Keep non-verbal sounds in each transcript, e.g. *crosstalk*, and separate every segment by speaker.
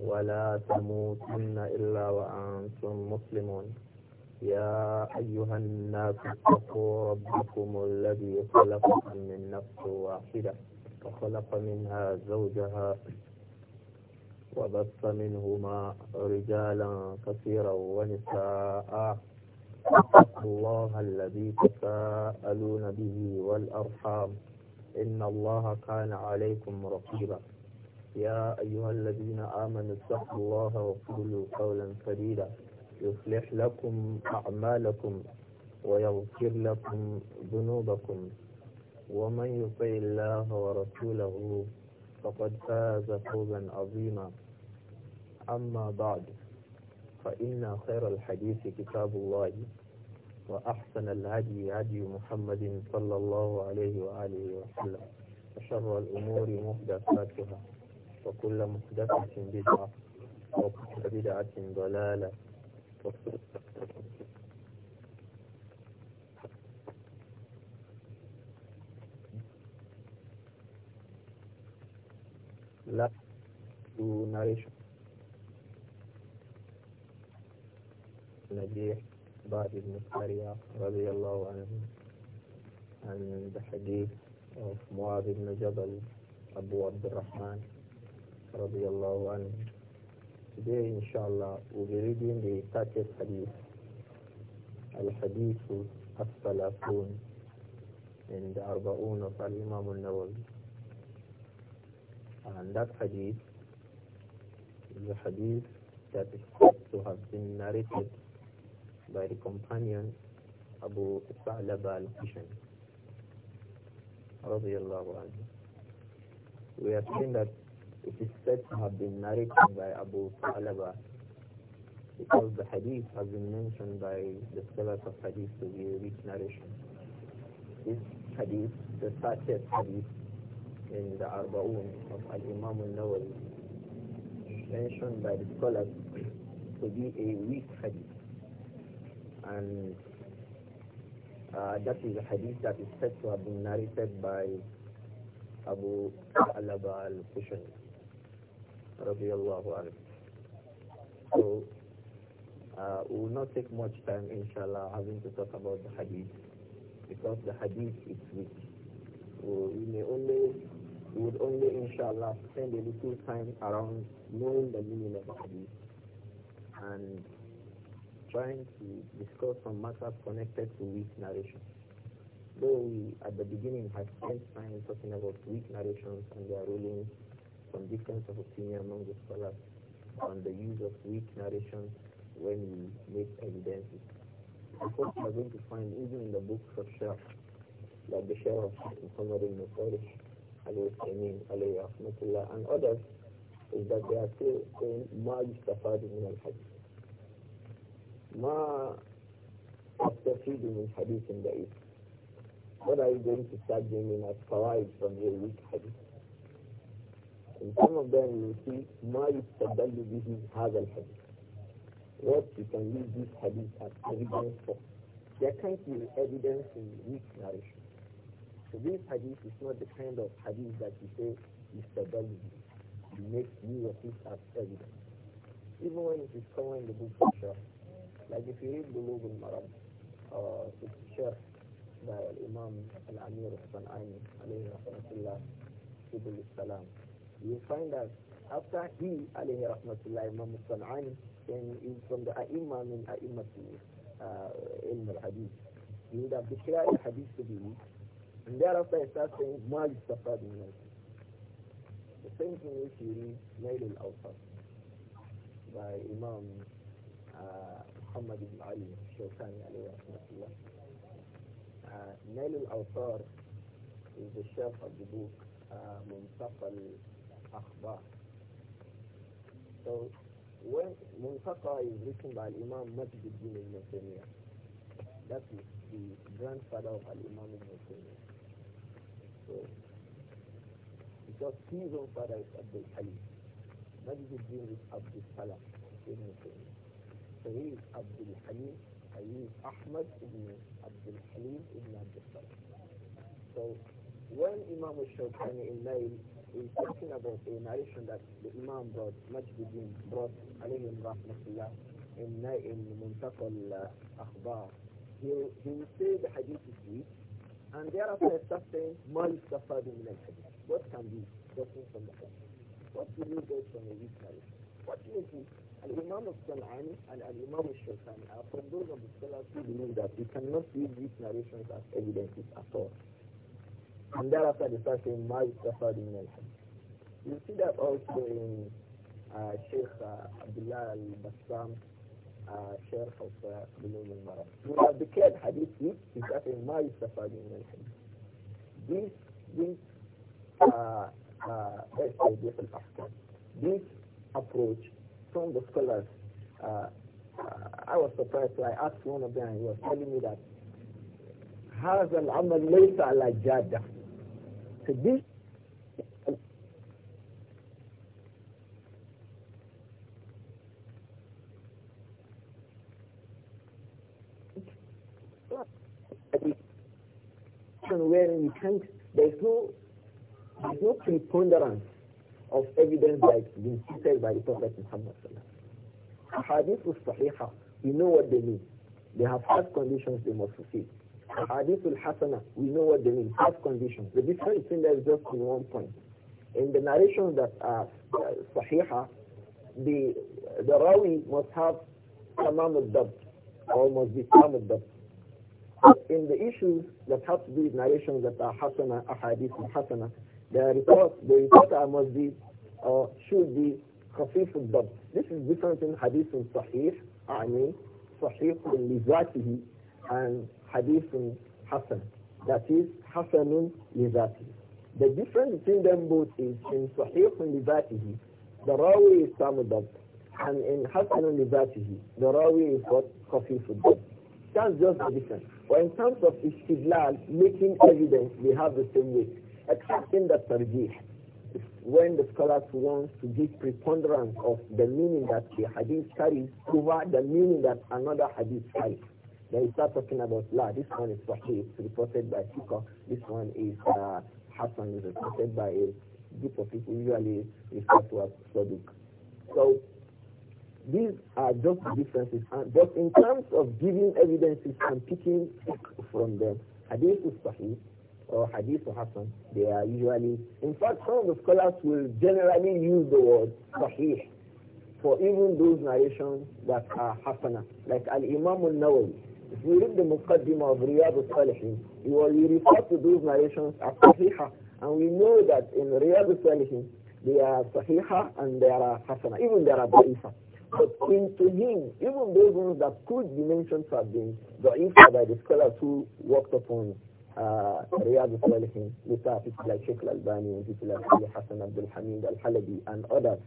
Speaker 1: ولا تموتن إلا وأنتم مسلمون يا أيها الناس اتقوا ربكم الذي خلقكم من نفس واحدة وخلق منها زوجها وبث منهما رجالا كثيرا ونساء اتقوا الله الذي تساءلون به والأرحام إن الله كان عليكم رقيبا يا أيها الذين آمنوا اتقوا الله وقولوا قولا سديدا يصلح لكم أعمالكم ويغفر لكم ذنوبكم ومن يطع الله ورسوله فقد فاز فوزا عظيما أما بعد فإن خير الحديث كتاب الله وأحسن الهدي هدي محمد صلى الله عليه وآله وسلم وشر الأمور محدثاتها وكل محدثة بدعة وكل بدعة ضلالة لا ونعيش نجيح بعد ابن سريع رضي الله عنه عن الحديث معاذ بن جبل أبو عبد الرحمن رضي الله عنه. Today, inshallah, we'll be reading the third hadith, Al-Hadith As-Salafun, in the Arba'un of Al-Imam And that hadith is a hadith that is said to have been narrated by the companion Abu Sa'laba al-Qishan, رضي الله عنه. We have seen that It is said to have been narrated by Abu Talaba because the hadith has been mentioned by the scholars of hadith to be a rich narration. This hadith, the 30th hadith in the Arba'un of Al-Imam al-Nawawi, mentioned by the scholars to be a weak hadith. And uh, that is a hadith that is said to have been narrated by Abu Alaba al-Kushani. So, uh, we will not take much time, inshallah, having to talk about the hadith, because the hadith is weak. So we may only, we would only, inshallah, spend a little time around knowing the meaning of the hadith and trying to discuss some matters connected to weak narration. Though we, at the beginning, had spent time talking about weak narrations and their rulings some difference of opinion among the scholars on the use of weak narrations when we make evidences. Of course, you are going to find even in the books of Shah, like the Shah of Muhammad ibn Salih, Ali uthaymeen alayhi rahmatullah, and others, is that they are still saying, ما يستفاد من الحديث. ما أستفيد in the ضعيف. What are you going to start doing as fawaid from your weak hadith? some of them you will see ما يستدل به هذا hadith. What you can use this hadith as evidence for. There can't be evidence in weak narration. So this hadith is not the kind of hadith that you say is به. You make use of it as evidence. Even when it is common in the book of Shah, like if you read Bulug al-Marab, uh, it's Shah by Imam al-Amir al-San'ani, alayhi rahmatullah, Ibn al-Salam, you find that after he, alayhi rahmatullah, Imam San'ani, he's from the A'imma min A'immat ilm al-Hadith. He would have declared the Hadith to be weak. And thereafter he starts saying, ma yustafad min The same thing which he read, Nail al awfad by Imam uh, Muhammad ibn Ali, Shawkani, alayhi rahmatullah. Uh, Nail al awfad is the shelf of the book, uh, Muntaqal akhbar. So when Muntaqa is written by Imam Majid ibn al that is the grandfather of Al-Imam Al Taymiyyah. So, because his own father is Abdul Halim. Majid ibn is Abdul Salam ibn Taymiyyah. So he is Abdul Halim, and he is Ahmad ibn Abdul Halim ibn Abdul Salam. So when Imam al-Shawqani in Nail is talking about a narration that the Imam brought, Majduddin brought, alayhim rahmatullah, in, in Muntaq al-Akhbar. Uh, he, he will say the hadith is weak, and thereafter start saying, Ma yustafadu min al-hadith. What can be gotten from the hadith? What do you get from a weak narration? What is it? Al-Imam al-San'ani and Al-Imam al-Shaykhani are from those of the scholars who believe that we cannot use these narrations as evidences at all. And thereafter they start suffer Ma Yustafa You see that also in uh, Sheikh uh, Abdullah al-Bassam, uh, Sheikh of the uh, Bulum al-Marab. We have declared hadith which is that in Ma Yustafa This, this, uh, uh, let this This approach from the scholars, uh, uh I was surprised. So I asked one of them, he was telling me that هذا العمل ليس على جاده so this where you can't there's no there's no preponderance of evidence that has been cited by the Prophet Muhammad. Hadith was Sahihah. You know what they mean. They have five conditions they must fulfill. Hadithul Hasana, we know what they mean. First condition. The difference between them is just in one point. In the narration that uh, Sahiha, the the Rawi must have Tamam al or must be Tam al In the issues that have to do with narrations that are Hasana, Ahadith and Hasana, the report, the reporter must be, or uh, should be Khafif al This is different in Hadith and Sahih, I mean, Sahih in lizatihi and hadithun Hassan, That is hasanun lizati. The difference between them both is in sahihun lizatihi, the rawi is samudat, and in hasanun lizatihi, the rawi is what khafifun. That's just the difference. But in terms of istidlal, making evidence, we have the same way. except in the tarjih when the scholars want to give preponderance of the meaning that the hadith carries over the meaning that another hadith carries. Then start talking about La. This one is Sahih, reported by Sika. This one is uh, Hassan, reported by a group of people usually referred to as Sadiq. So these are just differences. And, but in terms of giving evidences and picking from them, Hadith is Sahih or Hadith or Hassan, they are usually, in fact, some of the scholars will generally use the word Sahih for even those narrations that are Hassanah, like Al-Imam al-Nawawi if we read the Muqaddimah of Riyadh al-Salihin, we will refer to those narrations as Sahiha. And we know that in Riyadh al-Salihin, they are Sahiha and they are Hasana, even they are Da'ifa. But into him, even those ones that could be mentioned to have been Da'ifa by the scholars who worked upon uh, Riyadh al-Salihin, later people like Sheikh al-Albani and people like Ali Hassan Abdul Hamid al-Halabi and others,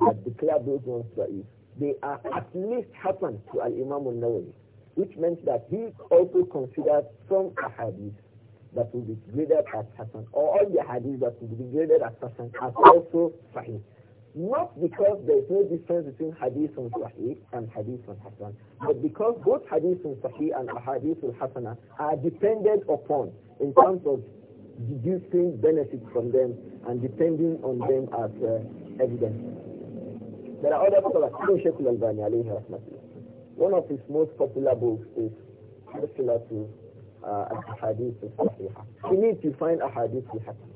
Speaker 1: that declare those ones Da'if. They are at least happened to Al-Imam al-Nawawi which meant that he also considered some ahadith that will be graded as Hassan, or all the hadith that will be graded as Hassan as also Sahih. Not because there is no difference between hadith on Sahih and hadith on Hassan, but because both hadith on Sahih and hadith on Hassan are dependent upon in terms of deducing benefits from them and depending on them as uh, evidence. There are other scholars, Sheikh Al-Albani, alayhi rahmatullah. One of his most popular books is Silsilatu uh, Al-Hadith al He needs to find a hadith Al-Hasan.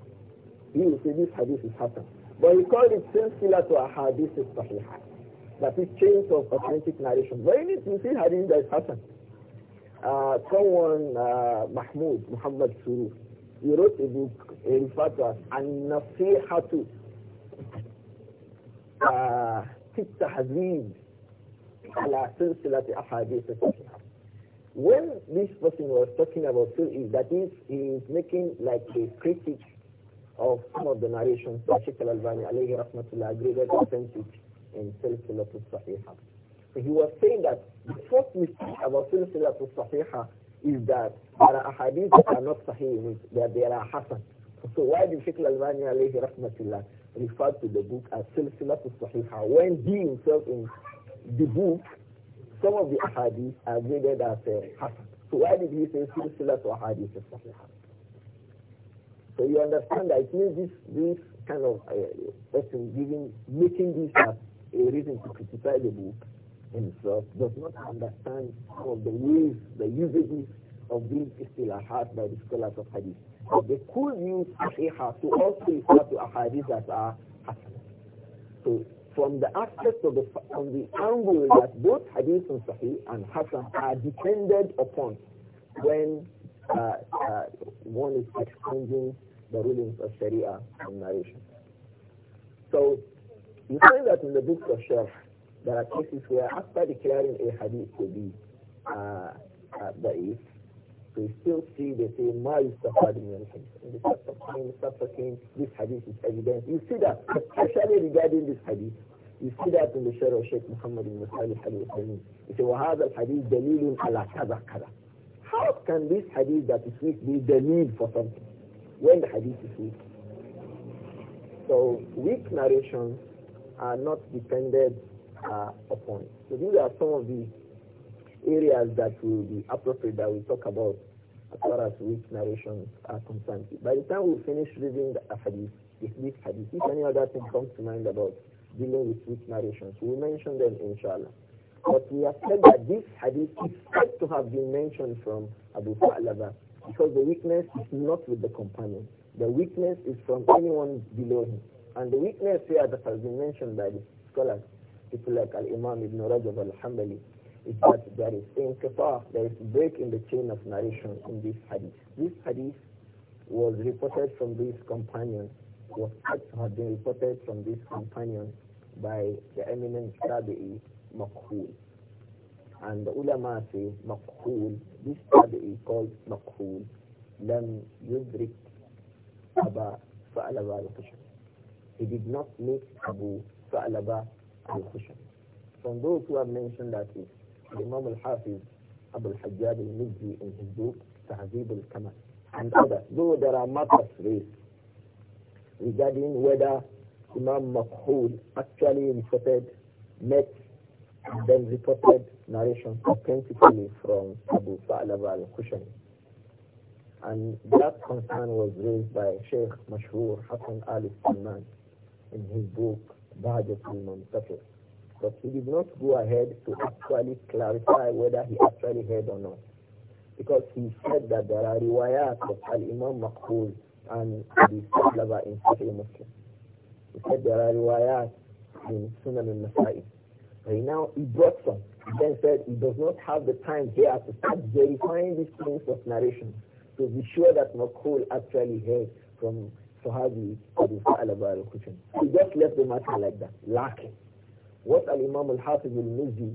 Speaker 1: He will say this hadith is Hasan. But he called it to Al-Hadith Al-Sahihah. That is chains of authentic narration. But you need to see hadith that is Hasan. Uh, someone, uh, Mahmoud, Muhammad Suru, he wrote a book referred to as An-Nasihatu. Uh, Tittahazib. على سلسلة أحاديث صحيحة when this person was talking about Sufi, that is, he is making like a critique of some of the narrations that Sheikh al-Albani alayhi rahmatullah agreed with authentic in Silsilat al-Sahiha. So he was saying that the first mistake about Silsilat al-Sahiha is that there are ahadith that are not sahih, that They are hasan. So why did Sheikh al-Albani alayhi rahmatullah refer to the book as Silsilat al-Sahiha when he himself in the book, some of the ahadith are graded as uh, hasan. So why did he say silsilat wa hadith is So you understand that it means this, this kind of uh, person giving, making this as a reason to criticize the book himself does not understand some of the ways, the usages of these istilahat by the scholars of hadith. But they could use sahiha to also refer to ahadith that are hasan. So from the aspect of the, from the angle that both Hadith and Sahih and Hassan are depended upon when uh, uh, one is exchanging the rulings of Sharia and narration. So you find that in the books of Sharh, there are cases where after declaring a Hadith to be uh, uh, so we still see they say, Ma yustafad min the first of this hadith is evident. You see that, especially regarding this hadith. You see that in the Shara of Sheikh Muhammad ibn Salih al said, He said, وَهَذَا الْحَدِيث دَلِيلٌ عَلَى كَذَا كَذَا How can this hadith that is weak be the need for something when the hadith is weak? So weak narrations are not depended uh, upon. So these are some of the areas that will be appropriate that we talk about as far as weak narrations are concerned. By the time we finish reading the hadith, if this hadith, if any other thing comes to mind about dealing with weak narrations, we'll mention them inshallah. But we have said that this hadith is said to have been mentioned from Abu Sa'laba because the weakness is not with the companion. The weakness is from anyone below him. And the weakness here that has been mentioned by the scholars, people like Al-Imam Ibn Rajab al hanbali is that there is inqita, there is break in the chain of narration in this hadith. This hadith was reported from these companions, was had been reported from these companions by the eminent Tabi'i Makhool, And the ulama say Makhool, this Tabi'i called Makhul, لم يدرك أبا ثعلبة الخشن. He did not meet Abu Tha'laba al From those who have mentioned that is Imam al-Hafiz Abu al-Hajjaj al-Mizzi in his book Tahzib al and others, though there are matters raised regarding whether Imam Makhul actually reported, met, and then reported narration authentically from Abu Sa'lab al-Khushani. And that concern was raised by Sheikh Mashhur Hassan Ali Salman in his book Bahjat al-Muntafir. But he did not go ahead to actually clarify whether he actually heard or not. Because he said that there are riwayat of Al-Imam Maqbul and the Sahlaba in Sahih Muslim. He said there are riwayat in Sunan al-Nasa'i. Right now, he brought some. Then said he does not have the time here to start verifying these things of narration to be sure that Makul actually heard from Sahabi Abu Sa'alaba al-Kuchin. He just left the matter like that, lacking. What Al-Imam Al-Hafiz al muzi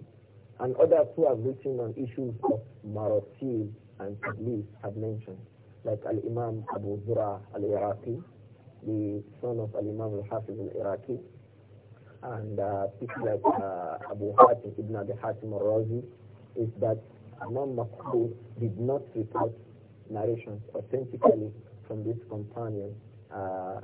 Speaker 1: and others who have written on issues of maratil and tablis have mentioned, like Al-Imam Abu Zura Al-Iraqi, the son of Al-Imam Al-Hafiz Al-Iraqi, and uh, people like uh, Abu Hatim Ibn Abi Hatim Al-Razi, is that Imam Maqbul did not report narrations authentically from this companion, uh,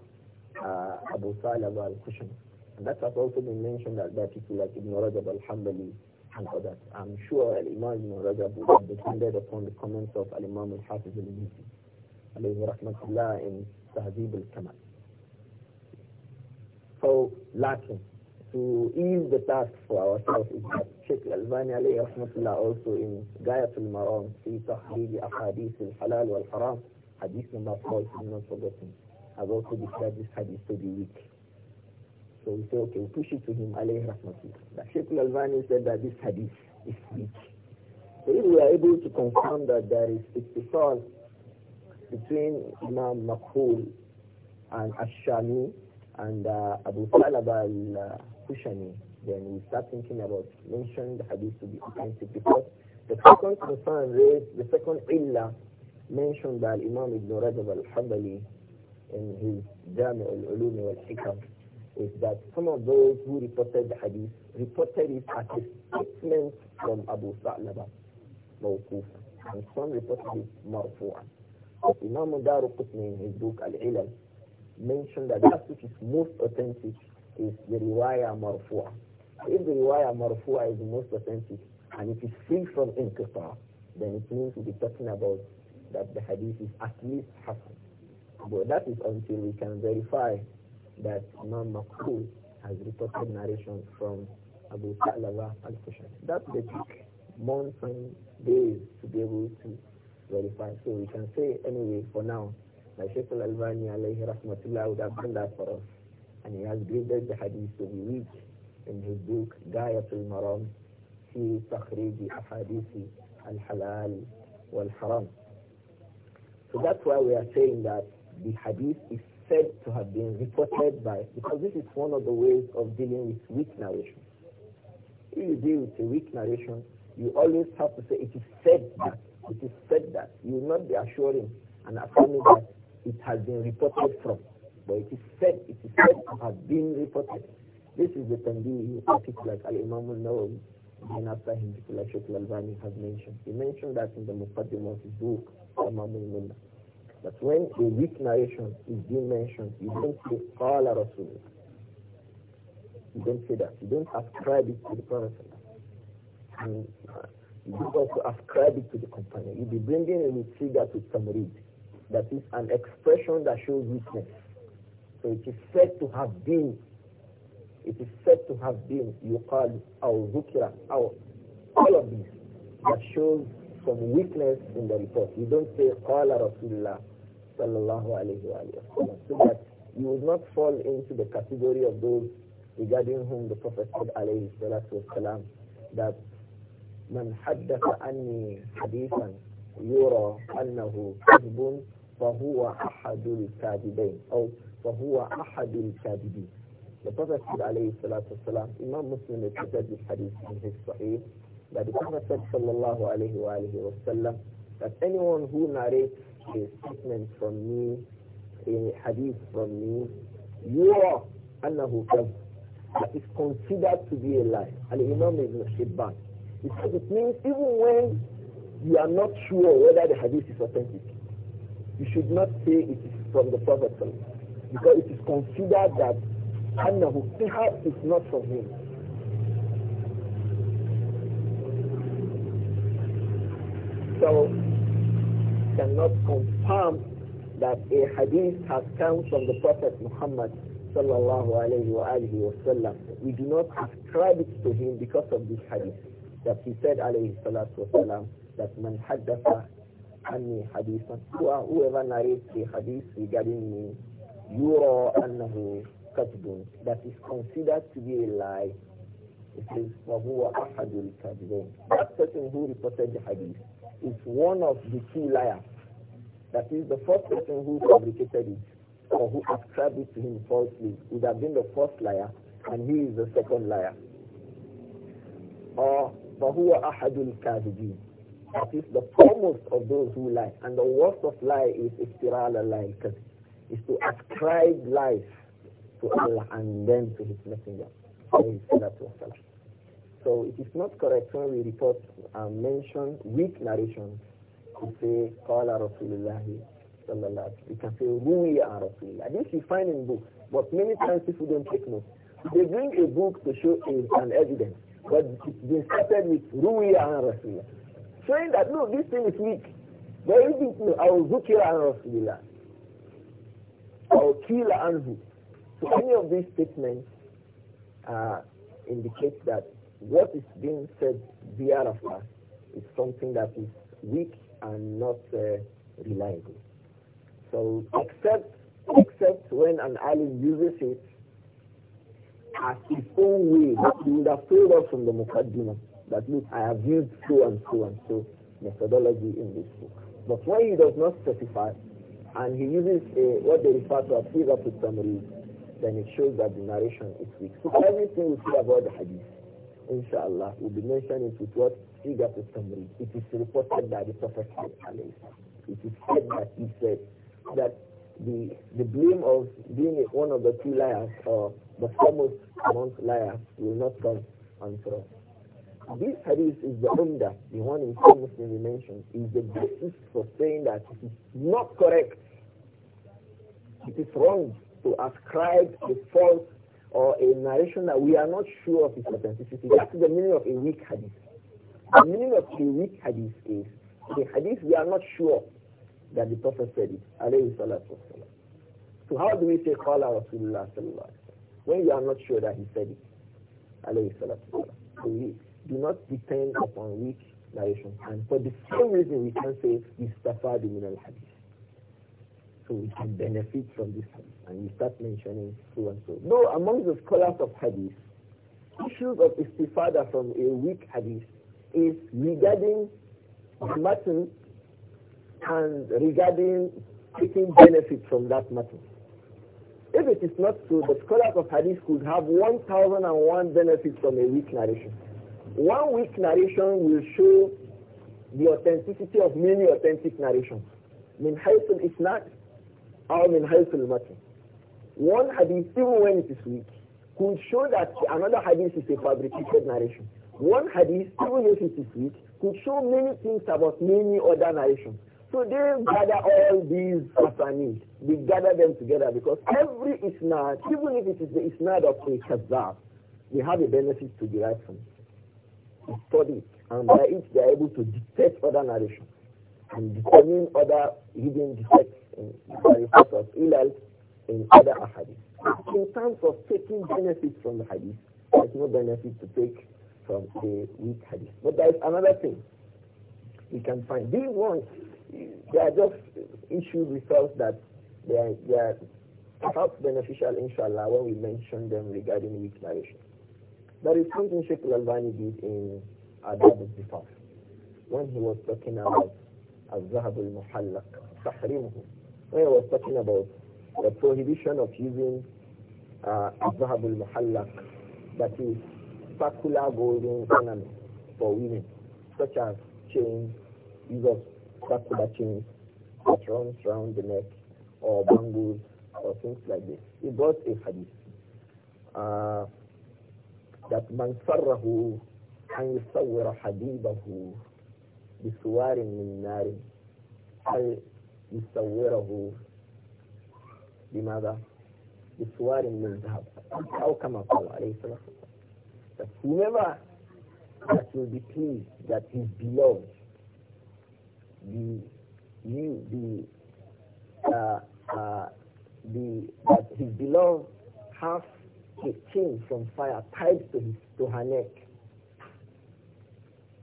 Speaker 1: uh Abu Salaba Al-Kushani that has also been mentioned that by people like Ibn Rajab al-Hambali and others. I'm sure Al-Imam Ibn Rajab would have depended upon the comments of Al-Imam al-Hafiz al-Mizzi, alayhi rahmatullah, in Tahzib al-Kamal. So, lacking to ease the task for ourselves is that Sheikh Al-Albani alayhi rahmatullah also in Gayatul Maram fi tahriji ahadith al-halal wal-haram hadith number 4 is not forgotten has also declared this hadith to be weak so we say, okay, we push it to him, alayhi rahmatullah. That Sheikh Al-Albani said that this hadith is weak. So if we are able to confirm that there is because between Imam Makhul and Ashami and uh, Abu Talib al kushani then we start thinking about mentioning the hadith to be authentic because the second concern raised, the second illa mentioned by Imam Ibn Rajab al-Hanbali in his Jami' al-Ulum wal-Hikam is that some of those who reported the hadith reported it as a statement from Abu Sa'laba, Mawquf, and some reported it Marfu'an. But Imam Daru Qutni in his book Al-Ilal mentioned that that which is most authentic is the riwayah Marfu'an. If the riwayah Marfu'an is the most authentic and it is free from inqita, then it means we'll be talking about that the hadith is at least hasan. But that is until we can verify that Imam Makhul has reported narration from Abu Sa'lava al-Kushani. That they took months and days to be able to verify. So we can say anyway for now that Sheikh al-Albani alayhi rahmatullah would have done that for us. And he has graded the hadith to be weak in his book Gayatul Maram في al-halal wal-haram. So that's why we are saying that the hadith is said to have been reported by, because this is one of the ways of dealing with weak narration. If you deal with a weak narration, you always have to say, it is said that, it is said that. You will not be assuring and affirming that it has been reported from, but it is said, it is said to have been reported. This is the Tanbih of people like Al-Imam al-Nawawi, and after him, people like al al-Albani have mentioned. He mentioned that in the Muqaddim of his book, Imam al but when a weak narration is being mentioned, you don't say Qala Rasul. You don't say that. You don't ascribe it to the Prophet. Uh, you don't also ascribe it to the companion. You'll be bringing a trigger to Tamarid. That is an expression that shows weakness. So it is said to have been. It is said to have been you call أو zukira أو all of these that shows some weakness in the report. You don't say قال رسول sallallahu alayhi wa so that you would not fall into the category of those regarding whom the Prophet said alayhi salatu wasalam that من حدث عني حديثا يرى أنه كذب فهو أحد الكاذبين أو فهو أحد الكاذبين The Prophet said alayhi salatu wasalam Imam Muslim reported this hadith in his Sahih that the Prophet said sallallahu alayhi wa alayhi wa sallam that anyone who narrates a statement from me, a hadith from me, yura annahu kadhib. That is considered to be a lie. And Imam Ibn Shibban. He says it means even when you are not sure whether the hadith is authentic, you should not say it is from the Prophet because it is considered that annahu perhaps is not from him. So cannot confirm that a hadith has come from the Prophet Muhammad sallallahu alayhi wa wasallam. We do not ascribe it to him because of this hadith that he said alayhi salatu wasallam that man haddatha anni hadithan whoever narrates a hadith regarding me yura annahu katbun that is considered to be a lie. It is فَهُوَ أَحَدُ الْكَذِبِينَ That person who reported the hadith is one of the two liars. That is, the first person who fabricated it or who ascribed it to him falsely would have been the first liar, and he is the second liar. Or فَهُوَ أَحَدُ الْكَاذِبِينَ That is the foremost of those who lie. And the worst of lie is istirala lie, is to ascribe life to Allah and then to His Messenger. So it is not correct when we report and mention weak narrations to say, Qala Rasulullah sallallahu We can say, Ruwi Rasulullah. This you find in books, but many times people don't take note. They bring a book to show an evidence, but they started with Ruwi Rasulullah. Showing that, no, this thing is weak. But if it is our Zukira Rasulullah, our Kila Anhu, so any of these statements uh, indicate that what is being said Rafah is something that is weak and not uh, reliable. So except except when an alim uses it as his own way, he would have told us from the Muqaddimah that look, I have used so and so and so methodology in this book. But when he does not specify and he uses a, uh, what they refer to as figurative summary, then it shows that the narration is weak. So everything we say about the hadith inshallah, we'll be mentioning it what figure to summary. It is reported by the Prophet It is said that he said that the the blame of being one of the two liars or the foremost amongst liars will not come unto This hadith is the umda, the one in some Muslim mentioned, is the basis for saying that it is not correct. It is wrong to ascribe the false or a narration that we are not sure of its authenticity. That's the meaning of a weak hadith. The meaning of a weak hadith is the hadith we are not sure that the Prophet said it. So how do we say Qala Rasulullah sallallahu when you are not sure that he said it? So we do not depend upon weak narration. And for the same reason we can say Mustafa bin al-Hadith so we can benefit from this and you start mentioning so and so. Though among the scholars of hadith, issues of istifada from a weak hadith is regarding matter and regarding taking benefit from that matter. If it is not so, the scholars of hadith could have 1001 benefits from a weak narration. One weak narration will show the authenticity of many authentic narrations. من حيث الإسناد one hadith even when it is weak could show that another hadith is a fabricated narration one hadith even if it is weak could show many things about many other narrations so they gather all these asanid they gather them together because every isnad even if it is the isnad of a kazab they have a benefit to derive from it study and by it they are able to detect other narrations and determine other hidden defects in reports of Ilal in other hadith. In terms of taking benefits from the hadith, there's no benefit to take from the weak hadith. But there is another thing we can find. These ones, they are just issues we that they are, they are perhaps beneficial, inshallah, when we mention them regarding weak narration. There is something Sheikh Al-Albani did in Adab al-Zifaf when he was talking about al-Zahab al-Muhallaq, tahrimuhu when I was talking about the prohibition of using uh, Zahabul Muhallak, that is circular golden ornament for women, such as chains, use of circular chains that runs round the neck, or bangles, or things like this. it brought a hadith uh, that man sarrahu an yusawwira hadibahu bisuwarin min narin يصوره بماذا؟ بسوار من ذهب أو كما قال عليه الصلاة والسلام that whomever that will be pleased that his beloved the you the uh, uh, the that his beloved has a chain from fire tied to his to her neck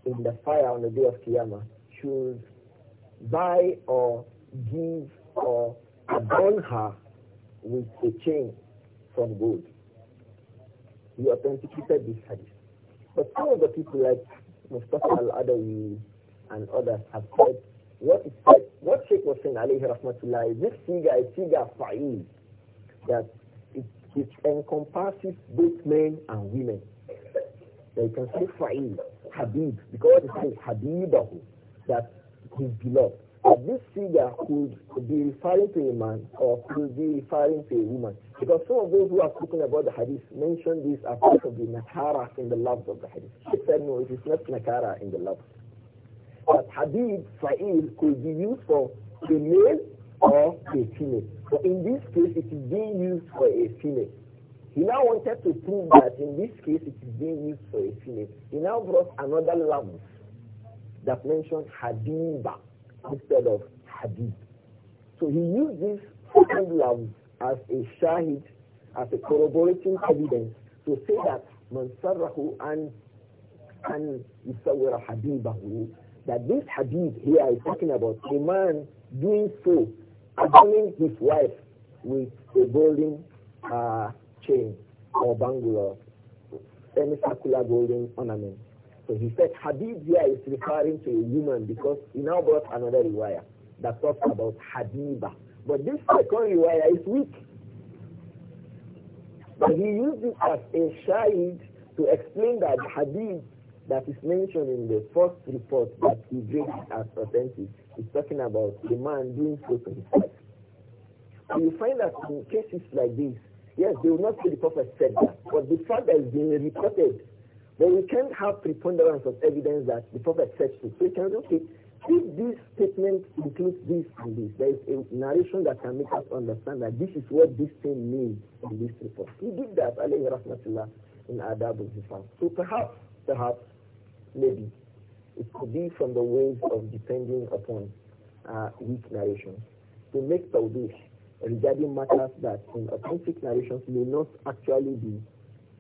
Speaker 1: in the fire on the day of Qiyamah should buy or give or adorn her with a chain from gold. He authenticated this hadith. But some of the people like Mustafa al-Adawi and others have said what is said, what Sheikh was saying alayhi rahmatullah this figure is figure fa'il that it, it encompasses both men and women. They can say fa'il, habib, because it says habibahu, that his beloved. This figure could be referring to a man or could be referring to a woman. Because some of those who are talking about the hadith mentioned this as part of the nakara in the love of the hadith. She said, no, it is not nakara in the love. But hadith, fa'il, could be used for a male or a female. But in this case, it is being used for a female. He now wanted to prove that in this case it is being used for a female. He now brought another love that mentioned hadith instead of hadith. So he used this second love as a shahid, as a corroborating evidence to say that man sarrahu an an yusawwira hadibahu that this hadith here is talking about a man doing so, adorning his wife with a golden uh, chain or bangle or any circular golden ornament. So he said Habib here is referring to a woman because he now brought another riwayah that talks about Habiba. But this second riwayah is weak. But he used it as a shahid to explain that Habib that is mentioned in the first report that he gave as authentic is talking about the man doing so to his wife. And you find that in cases like this, yes, they will not say the prophet said that, but the fact that it's being reported but we can't have preponderance of evidence that the Prophet said so. So you can look at: if this statement includes this and this, there is a narration that can make us understand that this is what this thing means in this report. He did that, alayhi rahmatullah, in Adab al So perhaps, perhaps, maybe, it could be from the ways of depending upon uh, weak narrations to make this, regarding matters that in authentic narrations may not actually be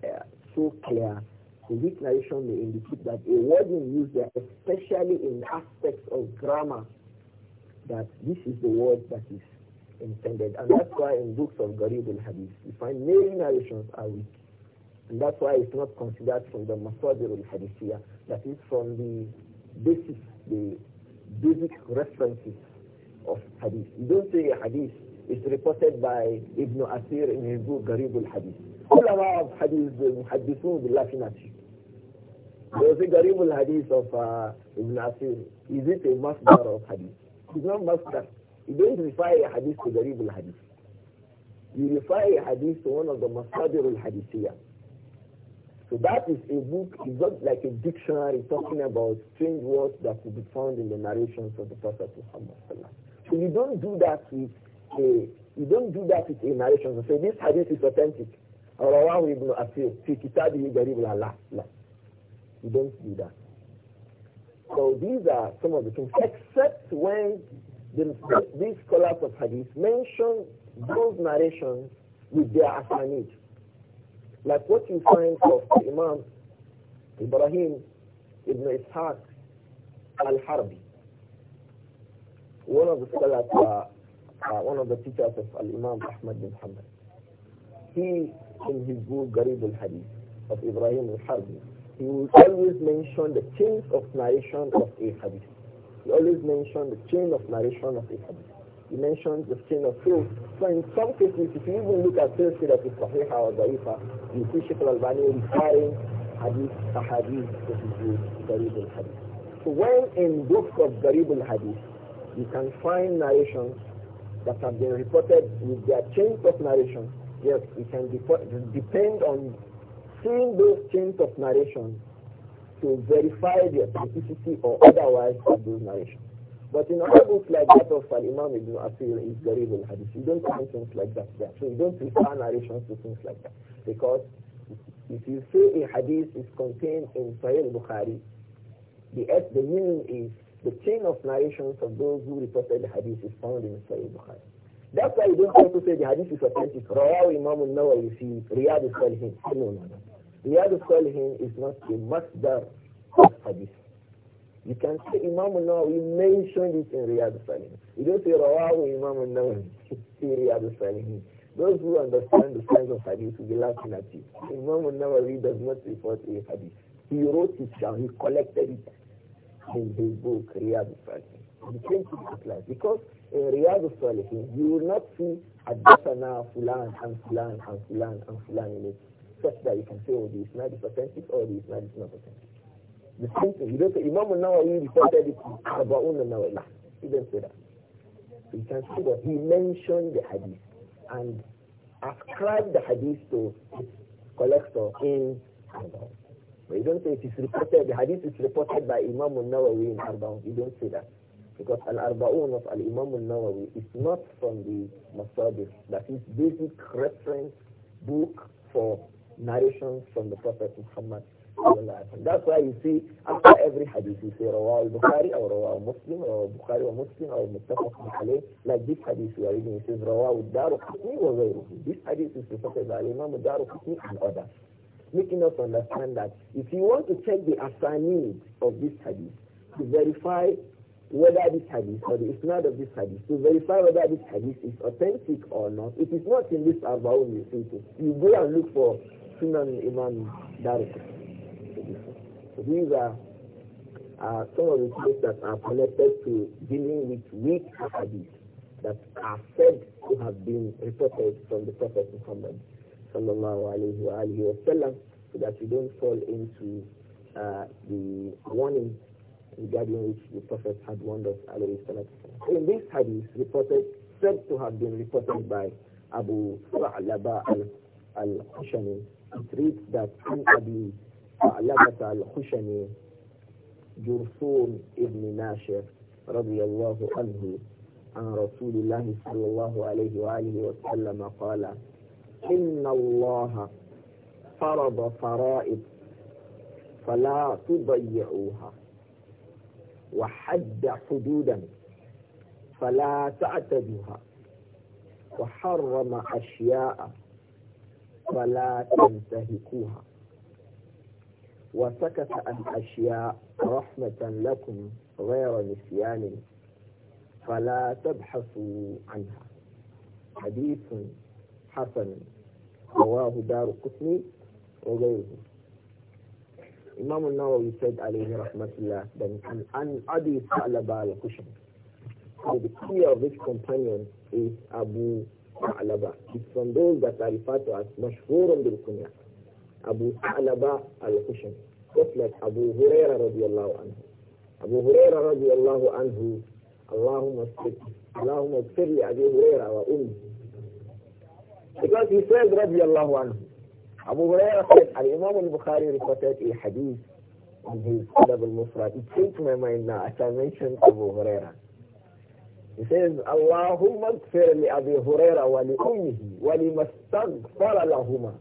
Speaker 1: uh, so clear the weak narration may indicate that a word is used there, especially in aspects of grammar, that this is the word that is intended. And that's why in books of Garib al-Hadith, you find many narrations are weak. And that's why it's not considered from the Masadir al-Hadithiyah, that is from the basic, the basic references of Hadith. You don't say a Hadith is reported by Ibn Asir in his book Garib al-Hadith. All of hadiths, the muhaddithun will be laughing at you. There was a Garib al-Hadith of uh, Ibn Asir. Is it a masdar of hadith? It's not masdar. You don't refer a hadith to Garib al-Hadith. You refer a hadith to one of the masdadir al-Hadithiyah. So that is a book, it's not like a dictionary talking about strange words that could be found in the narrations of the Prophet Muhammad. So you don't do that with a, you don't do that with a narration. So say this hadith is authentic. رواه ابن أثير في كتابه قريب لا لا you don't do that so these are some of the things except when the, these scholars of hadith mention those narrations with their asanid like what you find of Imam Ibrahim ibn Ishaq al-Harbi one of the scholars uh, uh, one of the teachers of Al-Imam Ahmad bin Hanbal he in his book Garib al-Hadith of Ibrahim al-Harbi, he will always mention the chain of narration of a hadith. He always mentioned the chain of narration of a hadith. He mentioned the chain of truth. So in some cases, if you even look at Sirsi that is Sahiha or Zaifa, you see Sheikh al-Albani referring hadith, a hadith to his book Garib al-Hadith. So when in books of Garib al-Hadith, you can find narrations that have been reported with their chain of narration Yes, we can depend on seeing those chains of narration to verify the authenticity or otherwise of those narrations. But in other books like that of Al-Imam Ibn Asir it's Garib al hadith. You don't find things like that there. So you don't refer narrations to things like that. Because if you say a hadith is contained in Sahih Bukhari, the, the meaning is the chain of narrations of those who reported the hadith is found in Sahih Bukhari. That's why you don't have to say the hadith is authentic. Rawahu Imam al-Nawawi fi Riyadh salihin No, no, no. Riyadh salihin is not a masdar of hadith. You can say Imam al-Nawawi mentioned it in Riyadh salihin You don't say Rawahu Imam al-Nawawi fi *laughs* Riyadh salihin Those who understand the science of hadith will be laughing at you. Imam al-Nawawi does not report a hadith. He wrote it down. He collected it in his book, Riyadh al-Salihin. The to thing class because in Riyadh al-Salihin, you will not see Adasana, Fulan, and Fulan, and Fulan, and Fulan in it, such that you can say, oh, this night is authentic, or this night is not authentic. The same thing, you don't say, Imam al-Nawawi reported it in Arba'un al-Nawawi. He didn't say that. So you can see that he mentioned the hadith and ascribed the hadith to its collector in Arba'un. But you don't say it is reported, the hadith is reported by Imam al-Nawawi in Arba'un. You don't say that. Because Al-Arba'un of Al-Imam al-Nawawi is not from the Masabir, that is basic reference book for narrations from the Prophet Muhammad that's why you see after every hadith you say Rawah al-Bukhari or Rawah muslim or Bukhari or Muslim or Muttafaq alayh like this hadith you are reading it says Rawah al-Daru Qutni wa ghayruhu this hadith is reported by Imam al-Daru Qutni and others making us understand that if you want to check the asanid of this hadith to verify whether this hadith or the isnad of this hadith to verify whether this hadith is authentic or not. It is not in this Arba'un you see it. You go and look for Sunan Imam Darik. So these are uh, some of the things that are connected to dealing with weak hadith that are said to have been reported from the Prophet Muhammad sallallahu alayhi wa, alayhi wa sallam, so that you don't fall into uh, the warning regarding which the Prophet had warned us. In this hadith, reported, said to have been reported by Abu Sa'laba al-Khushani, it reads that in Abu Sa'laba al-Khushani, جرثوم Ibn Nashir رضي الله عنه عن رسول الله صلى الله عليه وآله وسلم قال إن الله فرض فرائض فلا تضيعوها وحد حدودا فلا تعتدوها وحرم أشياء فلا تنتهكوها وسكت عن أشياء رحمة لكم غير نسيان فلا تبحثوا عنها حديث حسن رواه دار قسمي وغيره Imam nawawi said, alayhi rahmatullah, then an, an Adi Sa'laba al-Kushan. So the key of this companion is Abu Sa'laba. It's from those that are referred to as Mashhurun bil Kunya. Abu Sa'laba al-Kushan. Just like Abu Huraira radiallahu anhu. Abu Huraira radiallahu anhu, Allahumma Allahumma sirri Abu Huraira wa ummi. Because he said radiallahu anhu, Abu Hurairah said, and Imam al-Bukhari reported a hadith in his Adab al-Mufrad. It came to my mind now as I mentioned Abu Hurairah. He says, Allahumma gfir li Abi Hurairah wa li ummihi wa li mastaghfara lahuma.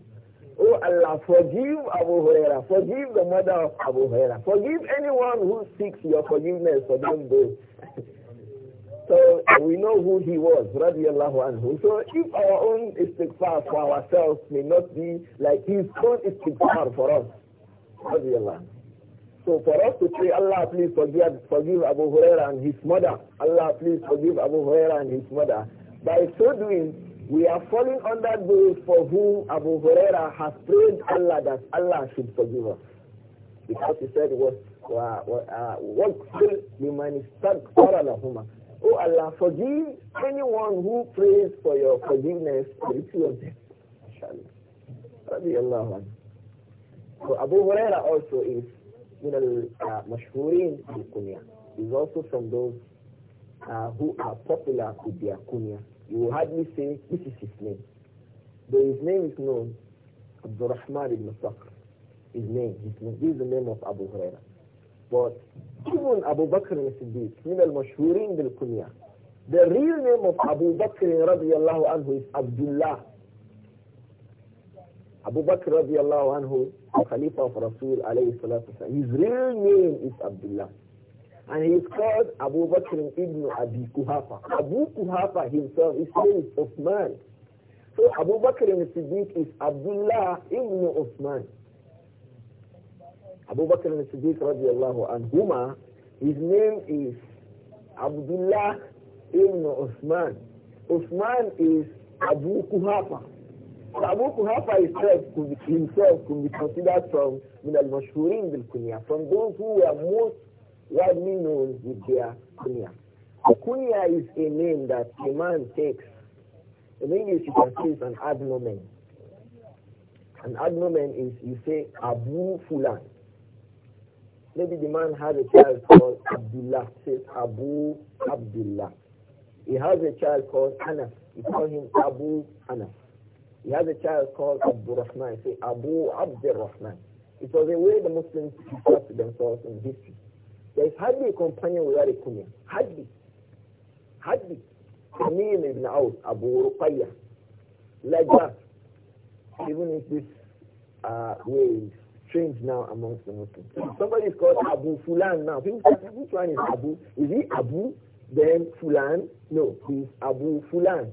Speaker 1: Oh Allah, forgive Abu Hurairah, forgive the mother of Abu Hurairah, forgive anyone who seeks your forgiveness for them both. *laughs* So we know who he was, radiallahu anhu. So if our own istighfar for ourselves may not be like his own istighfar for us, radiallahu So for us to say, Allah please forgive, forgive Abu Huraira and his mother, Allah please forgive Abu Huraira and his mother, by so doing, we are falling under those for whom Abu Huraira has prayed Allah that Allah should forgive us. Because he said, was, uh, uh, وَقْفِرْ لِمَنِ اسْتَغْفَرَ Oh Allah, forgive anyone who prays for your forgiveness for the two of them. Inshallah. So Abu Huraira also is من Al بالكنية. Uh, He's also from those uh, who are popular with their kunya. You will hardly say, this is his name. Though his name is known, Abdurrahman ibn Sakr. His name, his name, this is the name of Abu Huraira. But even Abu Bakr al-Siddiq, min al-mashhurin bil-kunya. The real name of Abu Bakr radiallahu anhu is Abdullah. Abu Bakr radiallahu anhu, Khalifa of Rasul alayhi salatu His real name is Abdullah. And he is called Abu Bakr ibn Abi Kuhafa. Abu Kuhafa himself, is name is Uthman. So Abu Bakr al-Siddiq is Abdullah ibn Uthman. Abu Bakr al-Siddiq radiallahu anhuma, his name is Abdullah ibn Uthman. Uthman is Abu Kuhafa. So Abu Kuhafa himself could be, himself could be considered from min al mashhurin bil kunya, from those who were most widely known with their kunya. The kunya is a name that a man takes. In English, you can say it's an agnomen. An agnomen is you say Abu Fulan. Maybe the man had a child called Abdullah, says Abu Abdullah. He has a child called Anas. He call him Abu Anas. He has a child called Abdul Rahman. Say Abu Abdul Rahman. It was a way the Muslims referred to themselves in history. There is hardly a companion without a kunya. Hardly. Hardly. Tamim ibn Aus, Abu Ruqayya. Like that. Even if this uh, way is strange now amongst the Muslims. If somebody is called Abu Fulan now, people which one is Abu? Is he Abu? Then Fulan? No, he's Abu Fulan.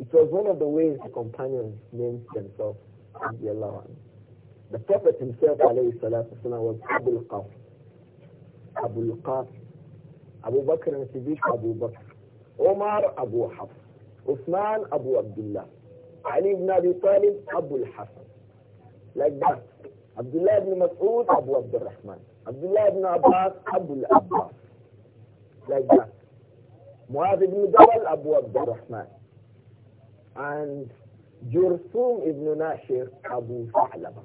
Speaker 1: It was one of the ways the companions named themselves The Prophet himself, alayhi salatu was Abu al-Qaf. Abu al-Qaf. Abu Bakr and Siddiq, Abu Bakr. Omar, Abu Haf. Uthman, Abu Abdullah. Ali ibn Abi Talib, Abu al-Hasan. Like that. Abdullah ibn Mas'ud, Abu Abdurrahman. Abdullah ibn Abbas, Abu al-Abbas. Like that. Muaz ibn Jabal, Abu Abdurrahman. And Jursum ibn Nashir, Abu Sa'laba.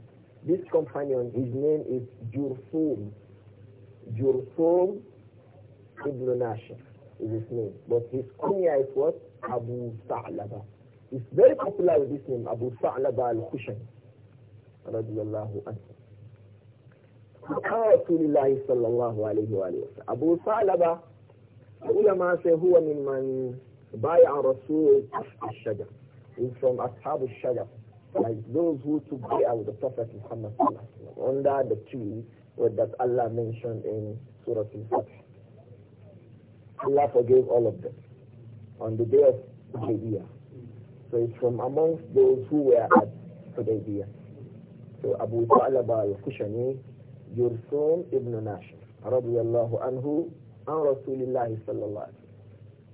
Speaker 1: This companion, his name is Jursum. Jursum ibn Nashir is his name. But his kunya is what? Abu Sa'laba. It's very popular with this name, Abu Sa'laba al-Khushani. radiallahu anhu. Rasulullah sallallahu alayhi wa Abu Salaba, ulama say, huwa min man bay'a Rasul al-shajar. He's from Ashab al Like those who took bay'ah with the Prophet Muhammad sallallahu under the tree that Allah mentioned in Surah Al-Fatih. Allah forgave all of them on the day of Hudaybiyah. So it's from amongst those who were at Hudaybiyah. طالب So Abu Talaba al-Kushani, Yursum ibn Nashir, radiallahu anhu, and Rasulullah sallallahu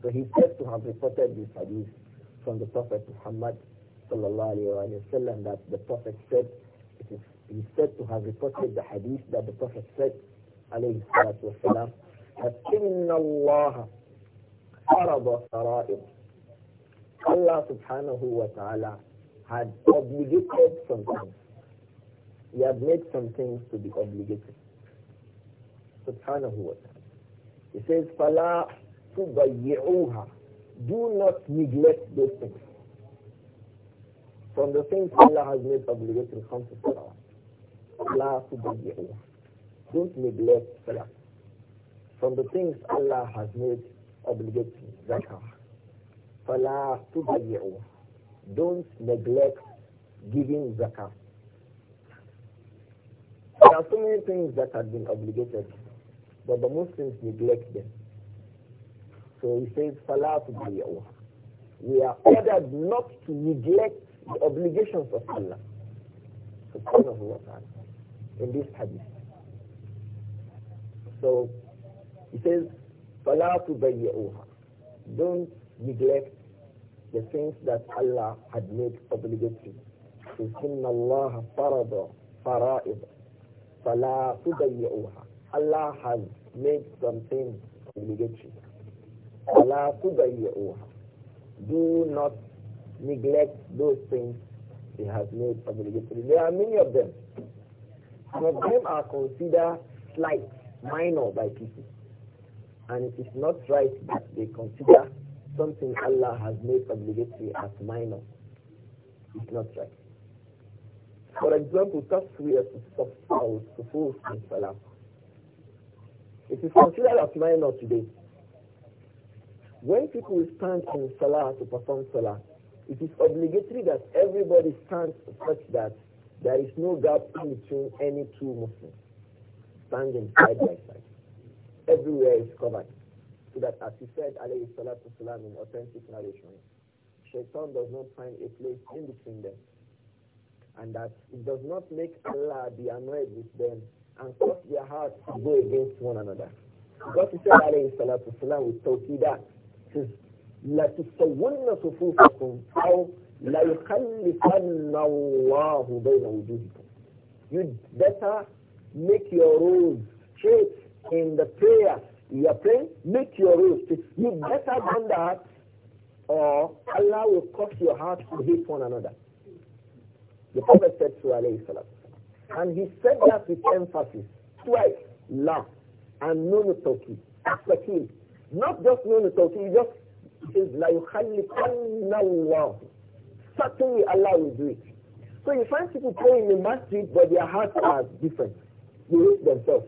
Speaker 1: So he said to have reported this hadith from the Prophet Muhammad صلى الله عليه وسلم that the Prophet said, it is, he said to have reported the hadith that the Prophet said, عليه الصلاة والسلام that إِنَّ اللَّهَ فَرَضَ فَرَائِضَ Allah subhanahu wa ta'ala had obligated something. We have made some things to be obligatory. Subhanahu wa ta'ala. He says, فَلَا تُضَيِّعُوهَا Do not neglect those things. From the things Allah has made obligatory comes to Salah. فَلَا تُضَيِّعُوهَا Don't neglect Salah. From the things Allah has made obligatory, Zakah. فَلَا تُضَيِّعُوهَا Don't neglect giving Zakah. There are so many things that have been obligated, but the Muslims neglect them. So he says, Salah to We are ordered not to neglect the obligations of Allah. Subhanahu wa ta'ala. In this hadith. So he says, Salah to Don't neglect the things that Allah had made obligatory. Allah farada fara'id. Allah has made something obligatory. Do not neglect those things He has made obligatory. There are many of them. Some of them are considered slight, minor by people. And it is not right that they consider something Allah has made obligatory as minor. It's not right. For example, taswiyat al to sufuf in salah. It is considered as minor today. When people stand in salah to perform salah, it is obligatory that everybody stands such that there is no gap in between any two Muslims standing side by side. Everywhere is covered. So that as he said, alayhi salatu in authentic narration, shaitan does not find a place in between them and that it does not make Allah be annoyed with them and cause their hearts to go against one another. God said, alayhi salatu wasalam, with tawqidah, says, لَتُسَوُّنَّ صُفُوفَكُمْ أَوْ لَيُخَلِّفَنَّ اللَّهُ بَيْنَ وُجُوهِكُمْ You'd better make your rules straight in the prayer you are praying, make your rules straight. You better than that or Allah will cause your hearts to hate one another. The Prophet said to alayhi salam. And he said that with emphasis, twice, la, and nunu tawqi, taqim. Not just nunu tawqi, he just says, la yukhallikanna Allah. Certainly Allah will do it. So you find people praying in the masjid, but their hearts are different. They hate themselves.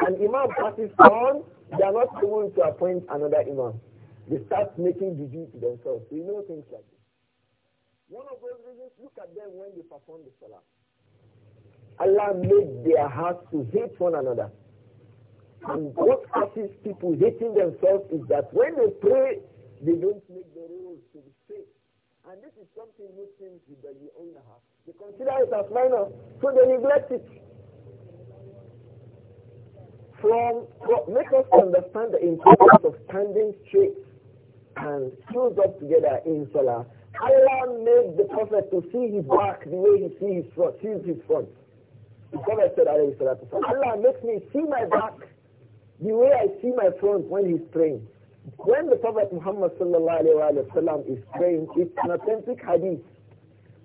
Speaker 1: And imam passes on, they are not able to appoint another imam. They start making juju to themselves. So you know things like this. One of those reasons, look at them when they perform the salah. Allah made their hearts to hate one another. And what causes people hating themselves is that when they pray, they don't make the rules to be safe. And this is something Muslims with only have. they consider it as minor, so they neglect it. From, make us understand the importance of standing straight and close up together in Salah Allah made the Prophet to see his back the way he sees his front, sees his front. The Prophet said, alayhi salatu Allah makes me see my back the way I see my front when he's praying. When the Prophet Muhammad sallallahu alayhi wa sallam is praying, it's an authentic hadith.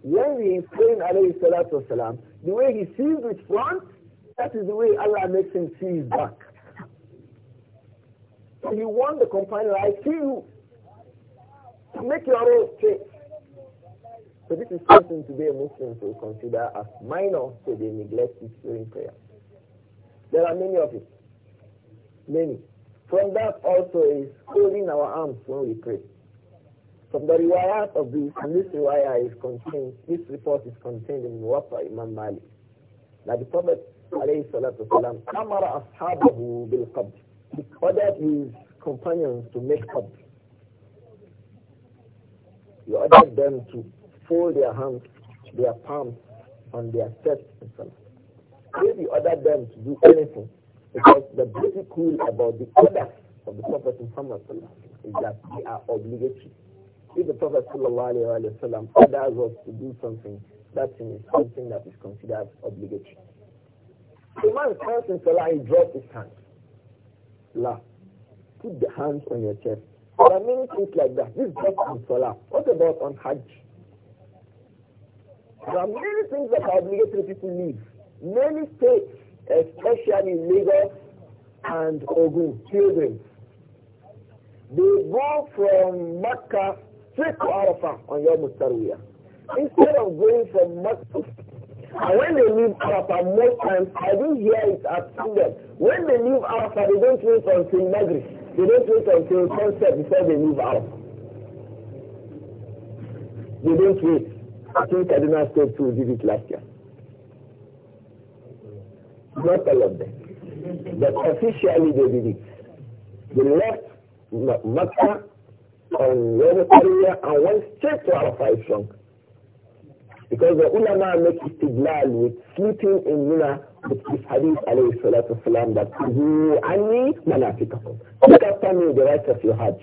Speaker 1: When he is praying alayhi salatu wasalam, the way he sees his front, that is the way Allah makes him see his back. So he warned the companion, I see you. Make your own straight. So this is something today Muslim will consider as minor, so they neglect it during prayer. There are many of it. Many. From that also is holding our arms when we pray. From the riwayat of this, and this riwayah is contained, this report is contained in Muwatta Imam Malik. That the Prophet alayhi salatu wasalam, ashabahu bil qabd. He ordered his companions to make qabd. He ordered them to fold their hands, their palms, on their chest and so on. Maybe order them to do anything because the beautiful rule about the order of the Prophet Muhammad is that they are obligatory. If the Prophet wasallam orders us to do something, that thing is something that is considered obligatory. The man stands in Salah, he drops his hand. La. Put the hands on your chest. There are many things like that. This is just in Salah. What about on Hajj? There are many things that are obligatory people leave. Many states, especially Lagos and Ogun, children, they go from Mecca straight to Arafah on your Mustaruya. Instead of going from Mecca and when they leave Arafah, most times, I didn't hear it at them. When they leave Arafah, they don't wait until Maghrib. They don't wait until sunset before they leave Arafah. They don't wait. I think I not State too did it last year. Not all of them. But officially they did it. They left Makkah on Yom Korea and went straight to Arafah is Because the ulama make istidlal with sleeping in Mina with this hadith alayhi salatu salam that you and me manafikakum. Look after me the right of your hajj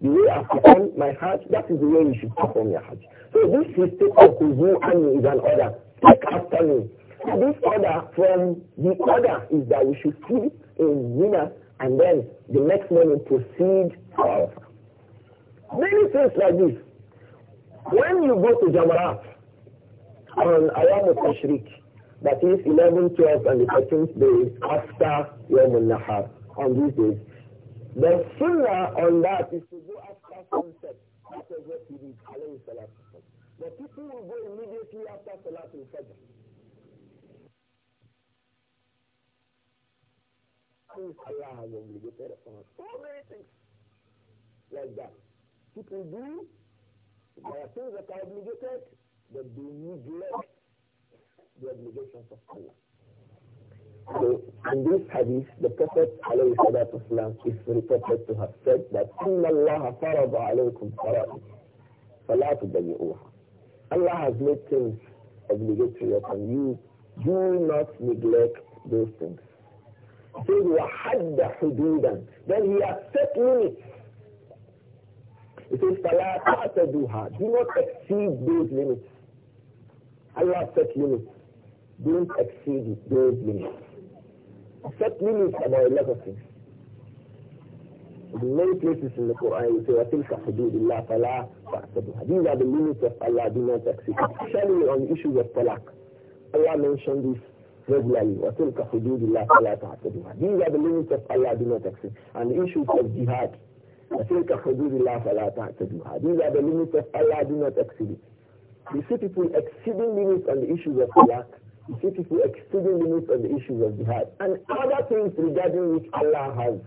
Speaker 1: the way I perform my Hajj, that is the way you should perform your Hajj. So this mistake of Kuzu and is an order. Take after me. So this order from the order is that we should sleep in dinner and then the next morning proceed for Many things like this. When you go to Jamarat on Ayam Tashrik, that is 11, 12, and the 13th day after Yom Nahar, on these days, the sooner on that is to go after sunset. That was what he did, alayhi salatu The people will go immediately after salatul fajr. Allah has obligated upon us so many things like that. People do, there are things that are obligated, but they neglect the obligations of Allah. So in this hadith, the Prophet والسلام, is reported to have said that "Allah Allah has made things obligatory upon you. Do not neglect those things. He says, حُدُودًا Then he has set limits. He says, فَلَا Do not exceed those limits. Allah set limits. Don't exceed those limits. Set limits about a lot of things. In many places in the Quran, you say, وَتِلْكَ حُدُودِ اللَّهِ فَلَا تَعْتَدُوهَا These are the limits of Allah, do not exceed. Especially on issues of talaq. Allah mentioned this regularly. وَتِلْكَ حُدُودِ اللَّهِ فَلَا These are the limits of Allah, do not exceed. And the issues of jihad. وَتِلْكَ حُدُودِ اللَّهِ فَلَا تَعْتَدُوهَا These are the limits of Allah, do not exceed it. You see people exceeding limits on the issues of talaq. It is see people limits of the issues of jihad and other things regarding which Allah has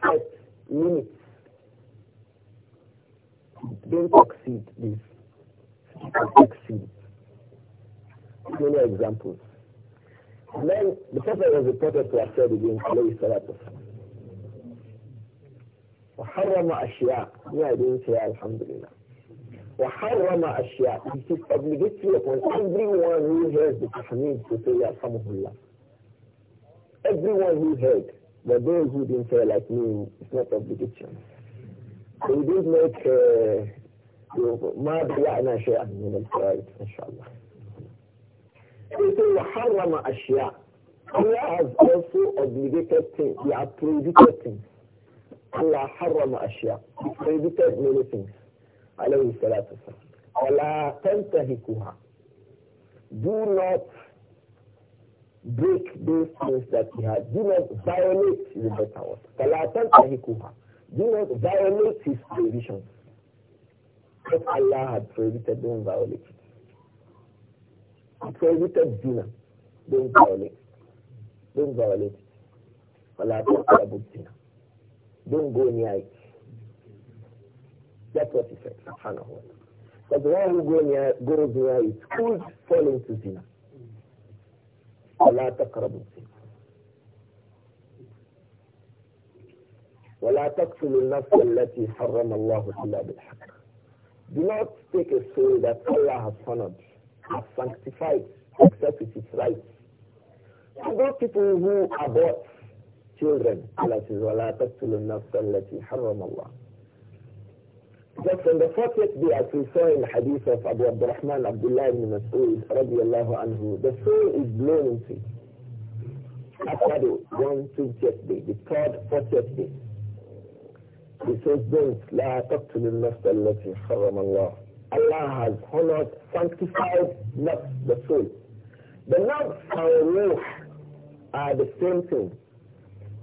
Speaker 1: set limits. Don't exceed this. Don't exceed. Many examples. And then the Prophet was reported to have said again, alayhi salatu وحرم أشياء ما وحرم أشياء It is obligatory upon everyone who hears the Tahmid to say Yarhamullah. Everyone who heard, but those who didn't say like me, it's not obligatory. So we did make ما ضيعنا شيئا من الفوائد إن شاء الله. It وحرم أشياء Allah has also obligated things, He has prohibited things. Allah حرم أشياء. He prohibited many things alayhi salatu وَلَا تَنْتَهِكُهَا Do not break those things that he has. Do not violate the better word. فَلَا Do not violate his prohibitions. What Allah had prohibited, don't violate it. He prohibited zina. Don't violate. Don't violate it. فلا تَنْتَهِكُهَا Don't go near it. That's what he said, subhanahu wa ta'ala. But the one who near, goes near it could fall into zina. ولا تقربوا الزنا ولا النفس التي حرم الله إلا بالحق Do not take a soul that Allah has honored, has sanctified, except with its rights. To those people who abort children, Allah says, وَلَا تَقْتُلُوا النَّفْسَ الَّتِي حَرَّمَ اللَّهُ that on the 40th day, as we saw in the hadith of Abu Abdurrahman Abdullah ibn Mas'ud, radiallahu anhu, the soul is blown into after the 120th day, the third 40th day. He says, don't, لا تقتل النفس التي حرم الله. Allah has honored, sanctified nafs, the soul. The nafs and ruh are the same thing.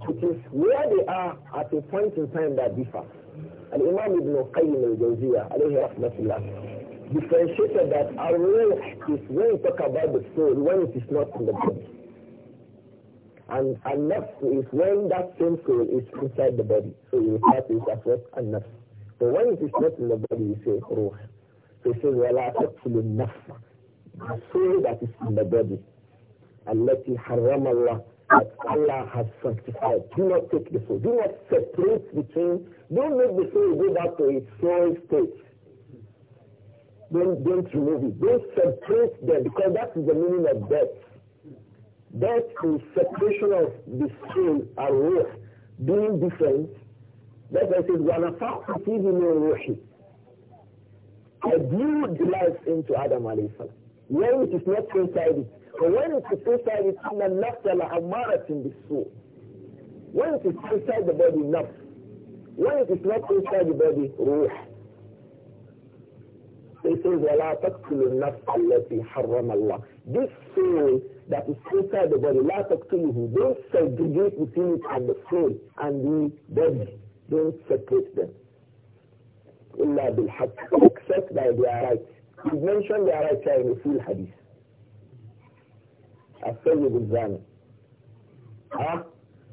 Speaker 1: It is where they are at a point in time that differs. And imam Ibn Qayyim al-Jawziyah, alayhi differentiated that our ruh is when you talk about the soul, when it is not in the body. And our nafs is when that same soul is inside the body. So you refer to it as what? Al-nafs. But when it is not in the body, you say ruh. So it says, وَلَا تَقْتُلُ النَّفْسَ The soul that is in the body. التي حرم الله that Allah has sanctified. Do not take the soul. Do not separate between, don't make the soul go back to its soul state. Don't, don't remove it. Don't separate them because that is the meaning of death. Death is separation of the soul and ruh being different. That's why it says, وَنَفَقْتُ فِيهِ مِنْ رُوحِي I blew the life into Adam alayhi salam. When it is not inside it, but when it's inside, it's in the nafs al-ammarat in the soul. When it is inside the body, nafs. When it is not inside the body, ruh. So it says, وَلَا تَقْتُلُ النَّفْسَ الَّتِي حَرَّمَ اللَّهِ This soul that is inside the body, لَا تَقْتُلُهُ Don't segregate between it and the soul and the body. Don't separate them. إِلَّا بِالْحَقِّ Except by their right. He mentioned their right in the full hadith. السيد الزاني ها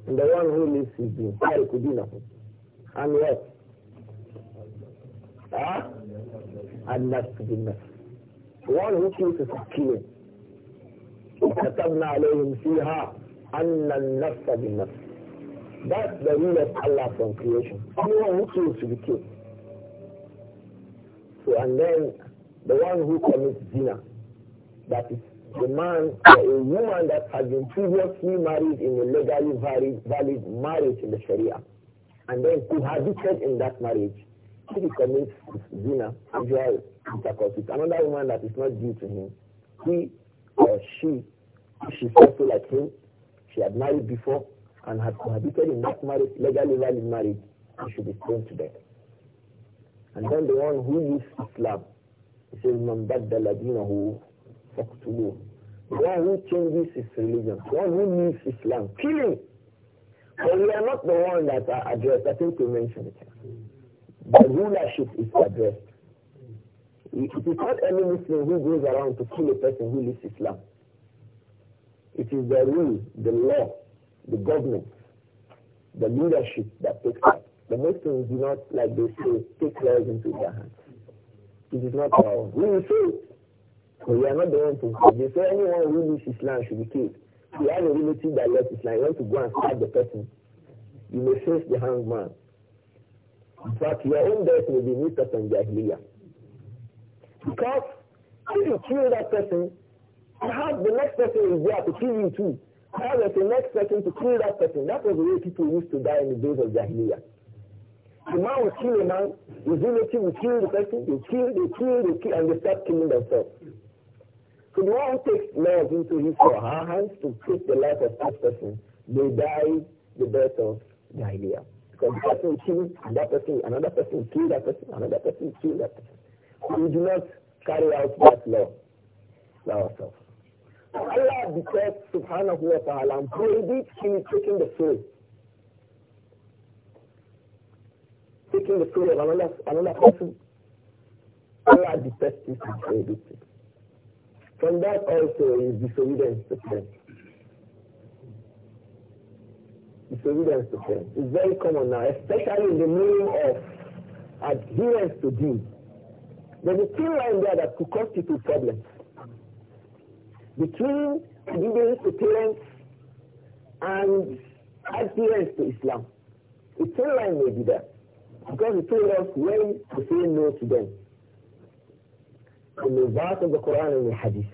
Speaker 1: and the one who lives is the Harikudina and what Ah, ها النفس بالنفس one who kills is a killer وكتبنا عليهم فيها أن النفس بالنفس That's the will of Allah from creation. Anyone who kills to be killed. So and then the one who commits zina, that is the man or a woman that has been previously married in a legally valid, valid marriage in the Sharia and then cohabited in that marriage, if he commits zina, sexual intercourse with another woman that is not due to him, he or she, if she's also like him, she had married before and had cohabited in that marriage, legally valid marriage, he should be stoned to death. And then the one who leaves Islam, he says, Man baddala فَاقْتُلُوهُ The one who changes his religion, the one who leaves Islam, kill him. But we are not the one that are addressed. I think we mentioned it. The rulership is addressed. It is not any Muslim who goes around to kill a person who leaves Islam. It is the rule, the law, the government, the leadership that takes that. The Muslims do not, like they say, take laws into their hands. It is not our own. We will say but we are not the ones to say. They say anyone who leaves Islam should be killed. If you have a relative that left Islam, you want to go and stab the person. You may face the hangman. In fact, your own death will be meted on Jahiliyyah. Because if you kill that person, perhaps the next person is there to kill you too. How is the next person to kill that person. That was the way people used to die in the days of Jahiliyyah. The man will kill a man, his relative will kill the person, they kill, they kill, they kill, and they start killing themselves. Could one take laws into his or her hands to keep the life of that person? They die the death of the idea. Because that person killed that person, another person killed that person, another person killed that person. we do not carry out that law by ourselves. Allah because subhanahu wa ta'ala prohibits him taking the soul. Taking the soul of another, another person. Allah detests this and prohibits it. From that also is disobedience to parents. Disobedience to parents. It's very common now, especially in the meaning of adherence to deen. There's a thin line there that could constitute problems. Between adherence to parents and adherence to Islam. A thin line may be there. Because it tells us when to say no to them. in the verse of the Quran and the Hadith.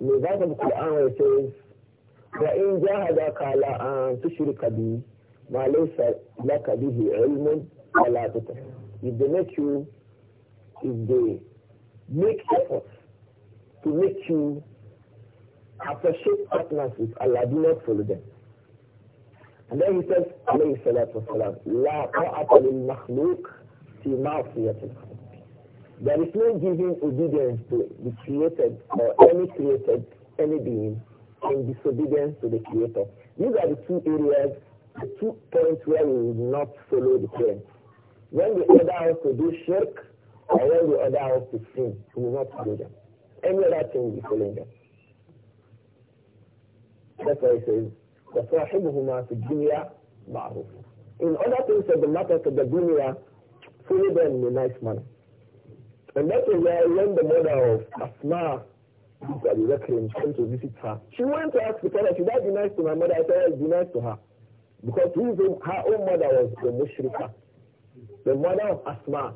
Speaker 1: In the verse of the Quran it says, وَإِنْ جَاهَدَكَ عَلَىٰ أَنْ تُشْرِكَ بِي مَا لَيْسَ لَكَ بِهِ عِلْمٌ ولا تُطِعْهُمْ If they make you, if they make effort to make you appreciate partners with Allah, do not follow them. And then he says, عليه الصلاة والسلام, لا طاعة للمخلوق في معصية الخلق. There is no giving obedience to the created or any created, any being, in disobedience to the creator. These are the two areas, the two points where we will not follow the parents. When we order us to do shirk, or when we order us to sin, we will not follow them. Any other thing will be following them. That's why he says, وَصَاحِبُهُمَا فِي الدُّنْيَا مَعْرُوفٌ In other things of the matter of the dunya, follow them in a nice manner. And that was why when the mother of Asma Abu Bakr came to visit her, she went to ask the father, should I be nice to my mother? I said, be nice to her. Because his, her own mother was a mushrika. The mother of Asma,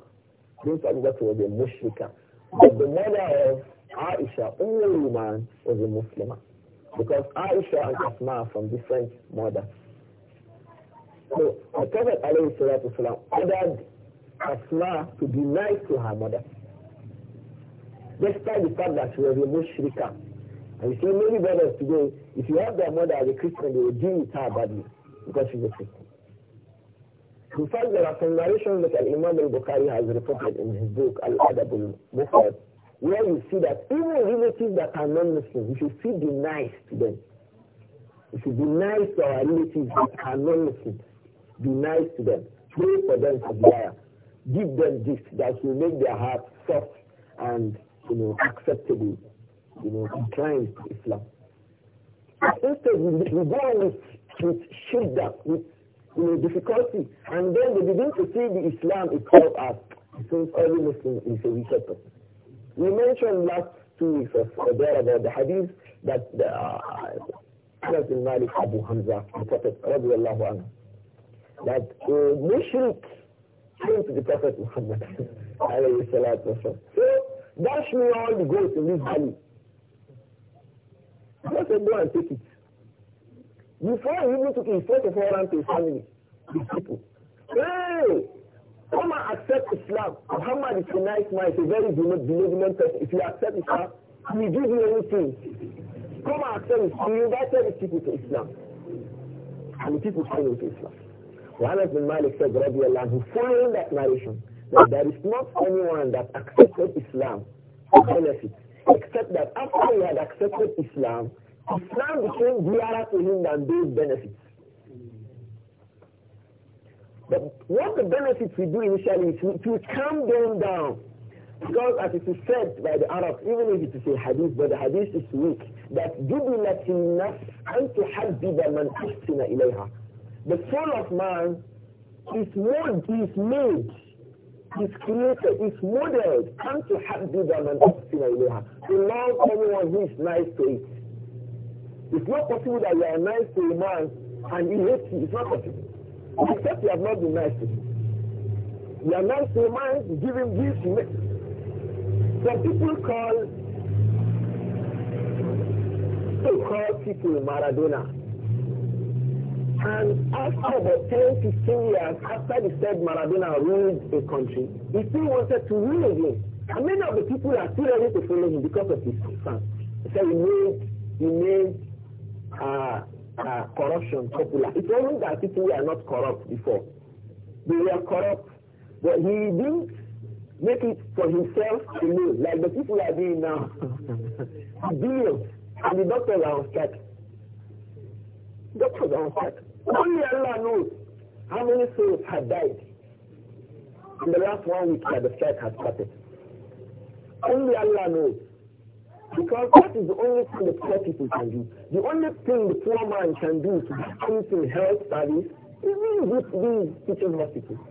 Speaker 1: Prince Abu Bakr was a mushrika. But the mother of Aisha, only man was a Muslim. Because Aisha and Asma are from different mothers. So the Prophet ﷺ ordered Asma to be nice to her mother despite the fact that she was a mushrika. And you see, many brothers today, if you have their mother as a Christian, they will deal with her badly because she's a Christian. In fact, there are some narrations that Imam al Bukhari has reported in his book, Al Adabul Bukhari, where you see that even relatives that are non Muslim, we should still be nice to them. We should be nice to our relatives that are non Muslims. Be nice to them. Pray for them for prayer. Give them gifts that will make their heart soft and you know, acceptable, you know, inclined to Islam. instead, we, we go on with, with shidda, with you know, difficulty, and then they begin to see the Islam itself as, since every Muslim is a wicked person. We mentioned last two weeks or so uh, there about the hadith that the uh, Malik Abu Hamza, the Prophet, radiallahu anhu, that a uh, mushrik came to the Prophet Muhammad *laughs* alayhi salatu wasalam. Say, Dash me all the gold in this valley. Just go and take it. Before he even took it, first of all ran to his family, the people. Hey! Come and accept Islam. Muhammad is a nice man, he's a very benevolent person. If you accept Islam, he will give you anything. Come and accept Islam. He invited the people to Islam. And the people came into Islam. Muhammad bin Malik said, Rabbi Allah, following that narration, that there is not anyone that accepted Islam for benefit, except that after he had accepted Islam, Islam became dearer to him than those benefits. But what the benefits we do initially is to calm them down. Because as it is said by the Arabs, even if it is a hadith, but the hadith is weak, that جُبِلَتِ النَّفْسِ أَن تُحَدِّدَ man أَحْسِنَ ilayha. The soul of man is made, is made it's created, is modeled, and to have the man To love someone who is nice to it. It's not possible that you are nice to a man and he hates you. It's not possible. Except you have not been nice to him. You are nice to a man, give him gifts, you make. Some people call, they call people Maradona. And after about 10, 15 years, after the said Maradona ruled a country, he still wanted to rule again. And many of the people are still ready to follow him because of his fans. So he made, he made uh, uh, corruption popular. It's only that people were not corrupt before. They were corrupt, but he didn't make it for himself to alone, like the people are doing now. *laughs* Billions. And the doctors are on strike. Doctors are on strike. Only Allah knows how many souls have died in the last one week that the strike has started. Only Allah knows. Because that is the only thing the poor people can do. The only thing the poor man can do to increase in health that is, is being with these teaching hospitals.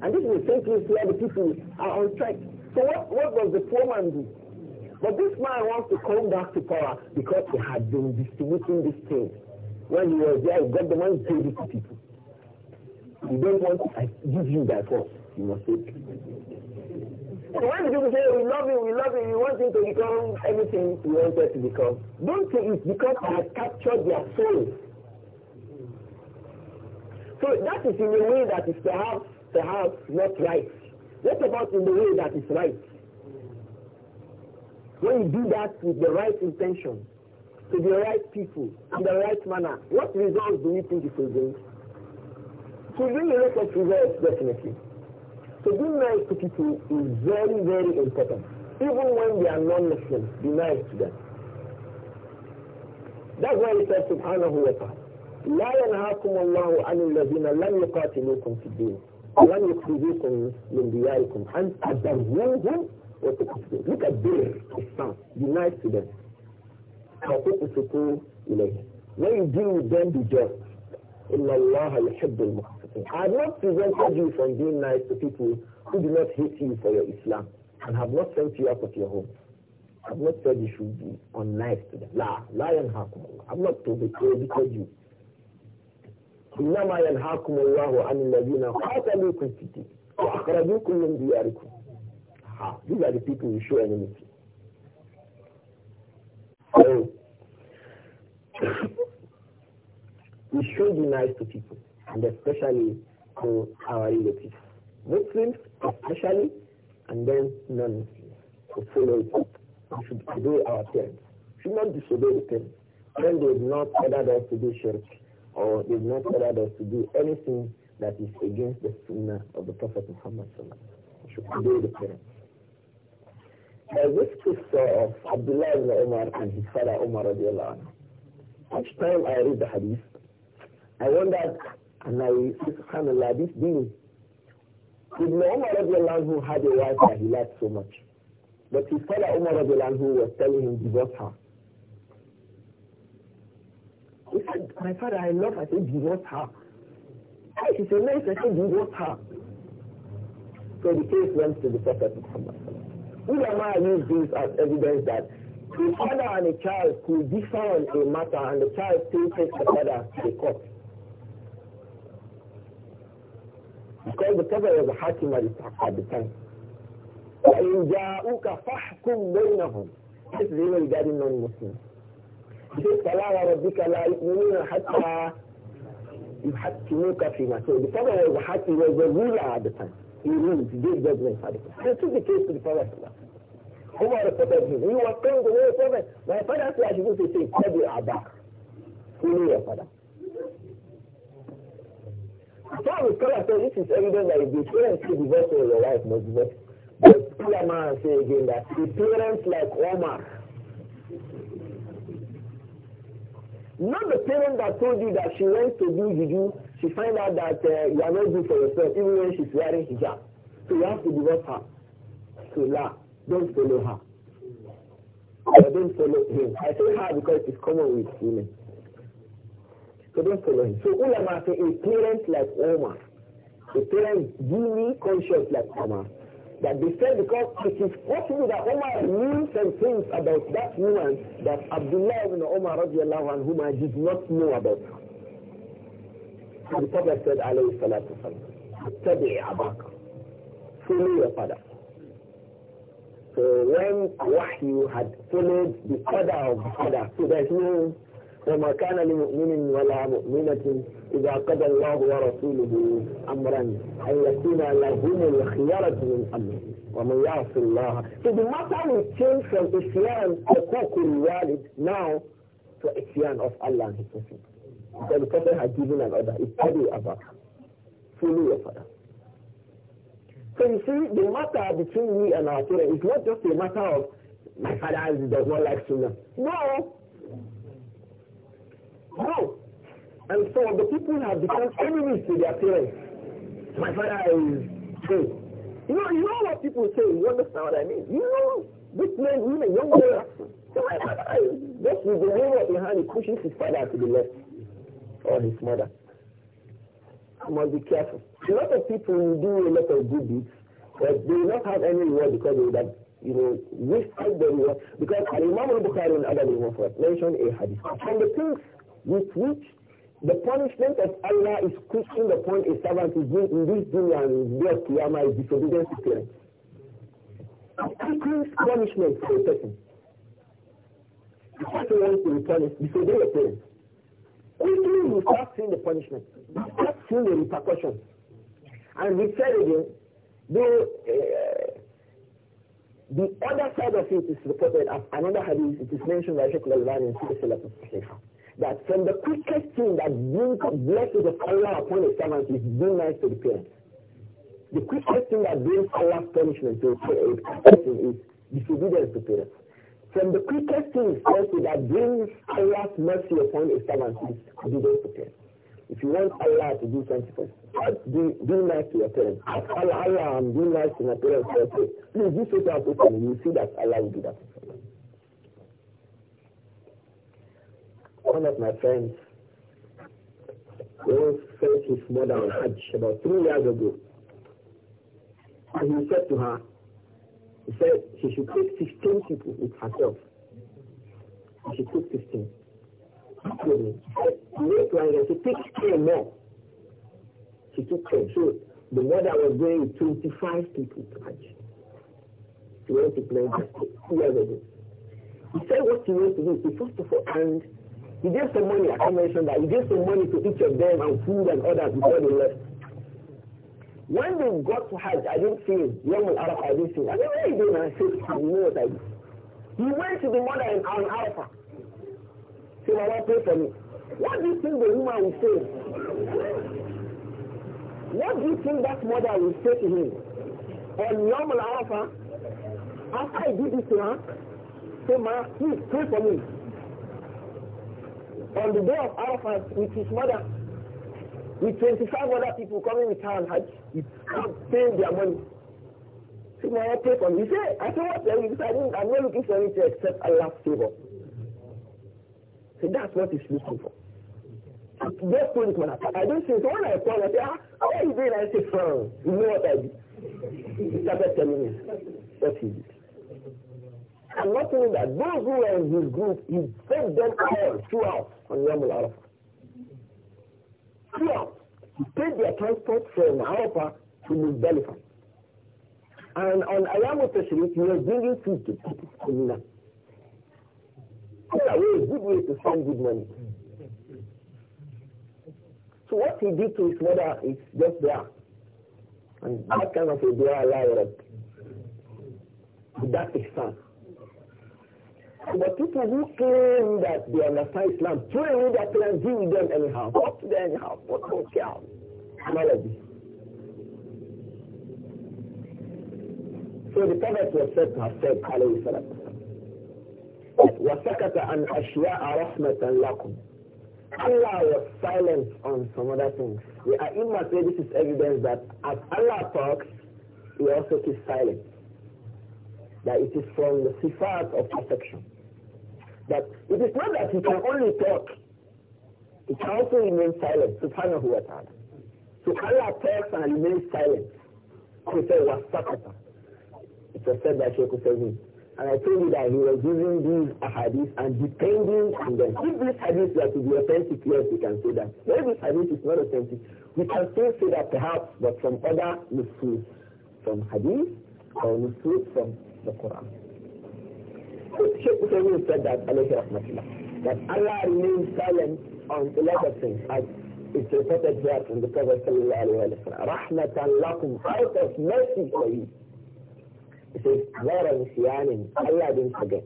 Speaker 1: And this is the same place where the people are on strike. So what, what does the poor man do? But this man wants to come back to power because he had been distributing this thing. When he was there, he got the money to it to people. You don't want I give you by force. You must take. So when people say, we love you, we love you, we want him to become everything we wanted to become, don't say it's because I have captured their soul. So that is in a way that is perhaps, perhaps not right. What about in the way that is right? When you do that with the right intention, to the right people in the right manner, what results do we think it will bring? It will bring a lot of results, definitely. So being nice to people is very, very important. Even when they are non-Muslims, be nice to them. That's why he said, subhanahu wa ta'ala, لا ينهاكم الله عن الذين لم يقاتلوكم في الدين ولم يخرجوكم من دياركم أن تبروهم وتقصدوا. Look at their Islam. Be nice to them. When you deal with them, I have not prevented you from being nice to people who do not hate you for your Islam and have not sent you out of your home. I have not said you should be unnice to them. La, la yanhakum Allah. I have not prohibited you. إنما ينهاكم الله عن الذين قاتلوكم في These are the people who show enmity. So, *coughs* we should be nice to people, and especially to our relatives. Muslims, especially, and then non-Muslims, to follow it up. We should obey our parents. We should not disobey the parents. When they have not ordered us to do church, or they have not ordered us to do anything that is against the sunnah of the Prophet Muhammad. We should obey the parents. By this say of Abdullah ibn Umar and his father Umar radiallahu anhu, each time I read the hadith, I wonder, and I say, subhanAllah, this being, Ibn Umar radiallahu anhu had a wife that he liked so much. But his father Umar radiallahu anhu was telling him, divorce her. He said, my father, I love I said, divorce her. And she said, no, I said, divorce her. So the case went to the Prophet Muhammad. Ulama used this as evidence that the father and a child could differ on a matter and the child still takes the father to the court. Because the father was a hakim at the time. وَإِنْ جَاءُكَ فَحْكُمْ بَيْنَهُم This is even regarding non-Muslims. He says, فَلَا وَرَبِّكَ لَا يُؤْمِنُونَ حَتَّى يُحَكِّمُوكَ فِي مَا So the father was a hakim, was a ruler at the time. he knew he gave judgment for the Prophet. He took the case to the Prophet. Umar reported him. You were telling the way of My father said I should go to say, Qabi Abak. Who knew your father? Some scholars say this is evidence that if the parents see divorce or your wife must divorce. But man say again that the parents like Omar, not the parent that told you that she went to do juju she find out that uh, you are not good for yourself even when she's wearing hijab. So you have to divorce her. So la, don't follow her. Or don't follow him. I say her because it's common with women. So don't follow him. So ulama say a parent like Omar, a parent duly conscious like Omar, that they said because it is possible that Omar knew some things about that woman that Abdullah ibn Omar whom I did not know about. انتبه السيد عليه الصلاة والسلام اتبع عباك فلو يطلع so when وحي had followed the father of father so that he وما كان لمؤمن ولا مؤمنة إذا قضى الله ورسوله أمرا أن يكون لهم الخيارة من أمره ومن يعص الله so the matter will change from Islam to cook الوالد now to Islam of Allah and his Messenger Because the father had given an order, it's Adi Abak, follow your father. So you see, the matter between me and our children is not just a matter of my father does not like Sunnah. No! No! And so the people have become enemies to their parents. My father is gay. You know, you know what people say, you understand what I mean? You know, this man, women, young girls, my father is just with the whole behind the hand, he pushes his father to the left or his mother. I must be careful. A lot of people will do a lot of good deeds, but they will not have any reward because they that have, you know, wished out the reward. Because Imam al-Bukhari and Adam al-Mufrad mentioned a hadith. And the things with which the punishment of Allah is the point a servant is doing in this dunya and day of Qiyamah is disobedience to parents. Quickened punishment for a person. The person wants to be punished, disobey your parents. Quickly we start seeing the punishment. We start seeing the repercussions. And we said again, the, uh, the other side of it is reported as another hadith. It is mentioned by Sheikh Al-Albani in that from the quickest thing that brings blessings of Allah upon a servant is being nice to the parents. The quickest thing that brings Allah's punishment to a person is disobedience to parents. From the quickest things also that brings Allah's mercy upon a servant is those to parents. If you want Allah to do something for you, do, do nice to your parents. Ask Allah, Allah, I'm doing nice to my parents for your Please do so to your parents. you see that Allah will do that. One of my friends was sent his mother on Hajj about three years ago. And he said to her, he said she should take 15 people with herself. She should take 15. He said, She took 10 more. She took 10. So the mother was going with 25 people to Hajj. She went to play two ago. He said what he went to do. He first of all, and he gave some money. I mentioned that. He gave some money to each of them and food and others before they left. When they got to Hajj, I didn't see him. Yom al Arafah, I didn't see him. I said, what are you doing? I said, I know what I did. He went to the mother in on Arafah. He said, Mama, pray for me. What do you think the woman will say? What do you think that mother will say to him? On Yom al Arafah, after I did this to her, say, Ma, please pray for me. On the day of Arafah with his mother, with 25 other people coming with her and Hajj, you can't pay their money. So my wife pay for me. He said, I said, what you? Eh, I I'm not looking for anything except Allah's favor. So that's what he's looking for. Just put it, man. I don't say, so when I call, I say, ah, how are you doing? I say, fine. You know what I did? He started telling me what he did. I'm not saying that. Those who were in his group, he fed them all throughout on Yamul Arafah two to take their transport from Arafah to Muzdalifah. And on Ayamu Tashrik, he was bringing food to people in That was a good way to spend good money. So what he did to his mother is just there. And that kind of a dua Allah To that extent. But people who claim that they understand Islam, pray with their parents, deal with them anyhow, talk to them anyhow, what do they care. So the Prophet was said to have said, alayhi Salam." وَسَكَتَ عَنْ أَشْيَاءَ رَحْمَةً لَكُمْ Allah was silent on some other things. The Aima say this is evidence that as Allah talks, he also keeps silent. That it is from the sifat of perfection. That it is not that he can only talk. He can also remain silent, subhanahu wa ta'ala. So Allah talks and remains silent. He said, wasakata. It was said by Sheikh Hussein. And I told you that he was using these hadiths and depending on them. If this hadith be authentic, yes, we can say that. If this hadith is not authentic, we can still say that perhaps, but from other nusus, from hadith or nusus from the Quran. Sheikh Hussein said that, alayhi rahmatullah, that Allah remains silent on a lot of things, as it's reported here from the Prophet sallallahu alayhi wa sallam. Rahmatan lakum, out of mercy for you. He says, غَيْرَ نِسْيَانٍ Allah didn't forget.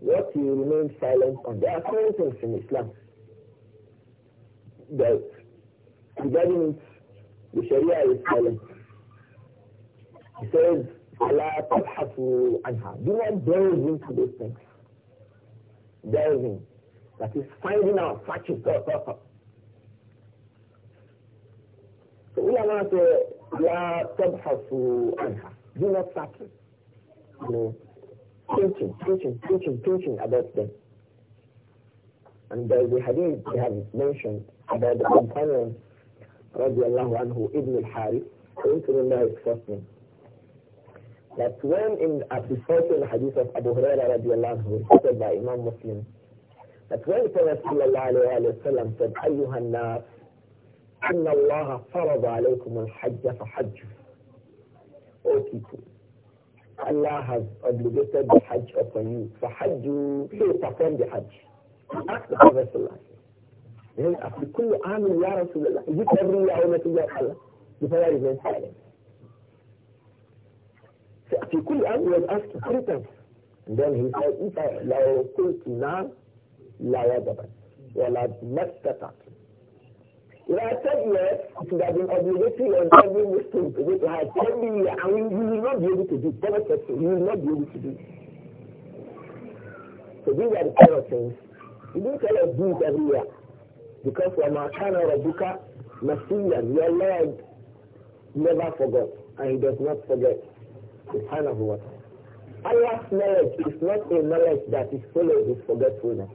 Speaker 1: What you remain silent on, there are certain things in Islam that regarding the Sharia is silent. He says, Allah Talhafu Anha. Do not delve into those things. Delving. That is finding out, searching. So not to La Talhafu Anha. Do not search. You know, teaching, teaching, teaching about them. And there's the hadith they have mentioned about the companion, radiallahu Ibn al-Harith. I don't that when in a reported in the hadith of Abu Huraira radiallahu anhu reported by Imam Muslim that when the Prophet sallallahu alayhi wa sallam said أيها الناس إن الله فرض عليكم الحج فحجوا O people Allah has obligated the Hajj upon you فحجوا so perform the Hajj Ask the Prophet sallallahu alayhi wa sallam كل عام يا رسول الله is it every year O Messenger of Allah The Prophet is silent في كل أن يبقى سكرتن then he said إذا لو قلت نعم لا وجبت ولا ما استطعت If I said yes, it would have been obligatory on every Muslim to go to Hajj every year, and we will not be able to do it. We will not be able to do So these are the kind of things. He didn't tell us do it every year. Because our وَمَا of رَبُّكَ نَسِيًّا Your Lord never forgot, and He does not forget. Subhanahu wa ta'ala. Allah's knowledge is not a knowledge that is followed with forgetfulness.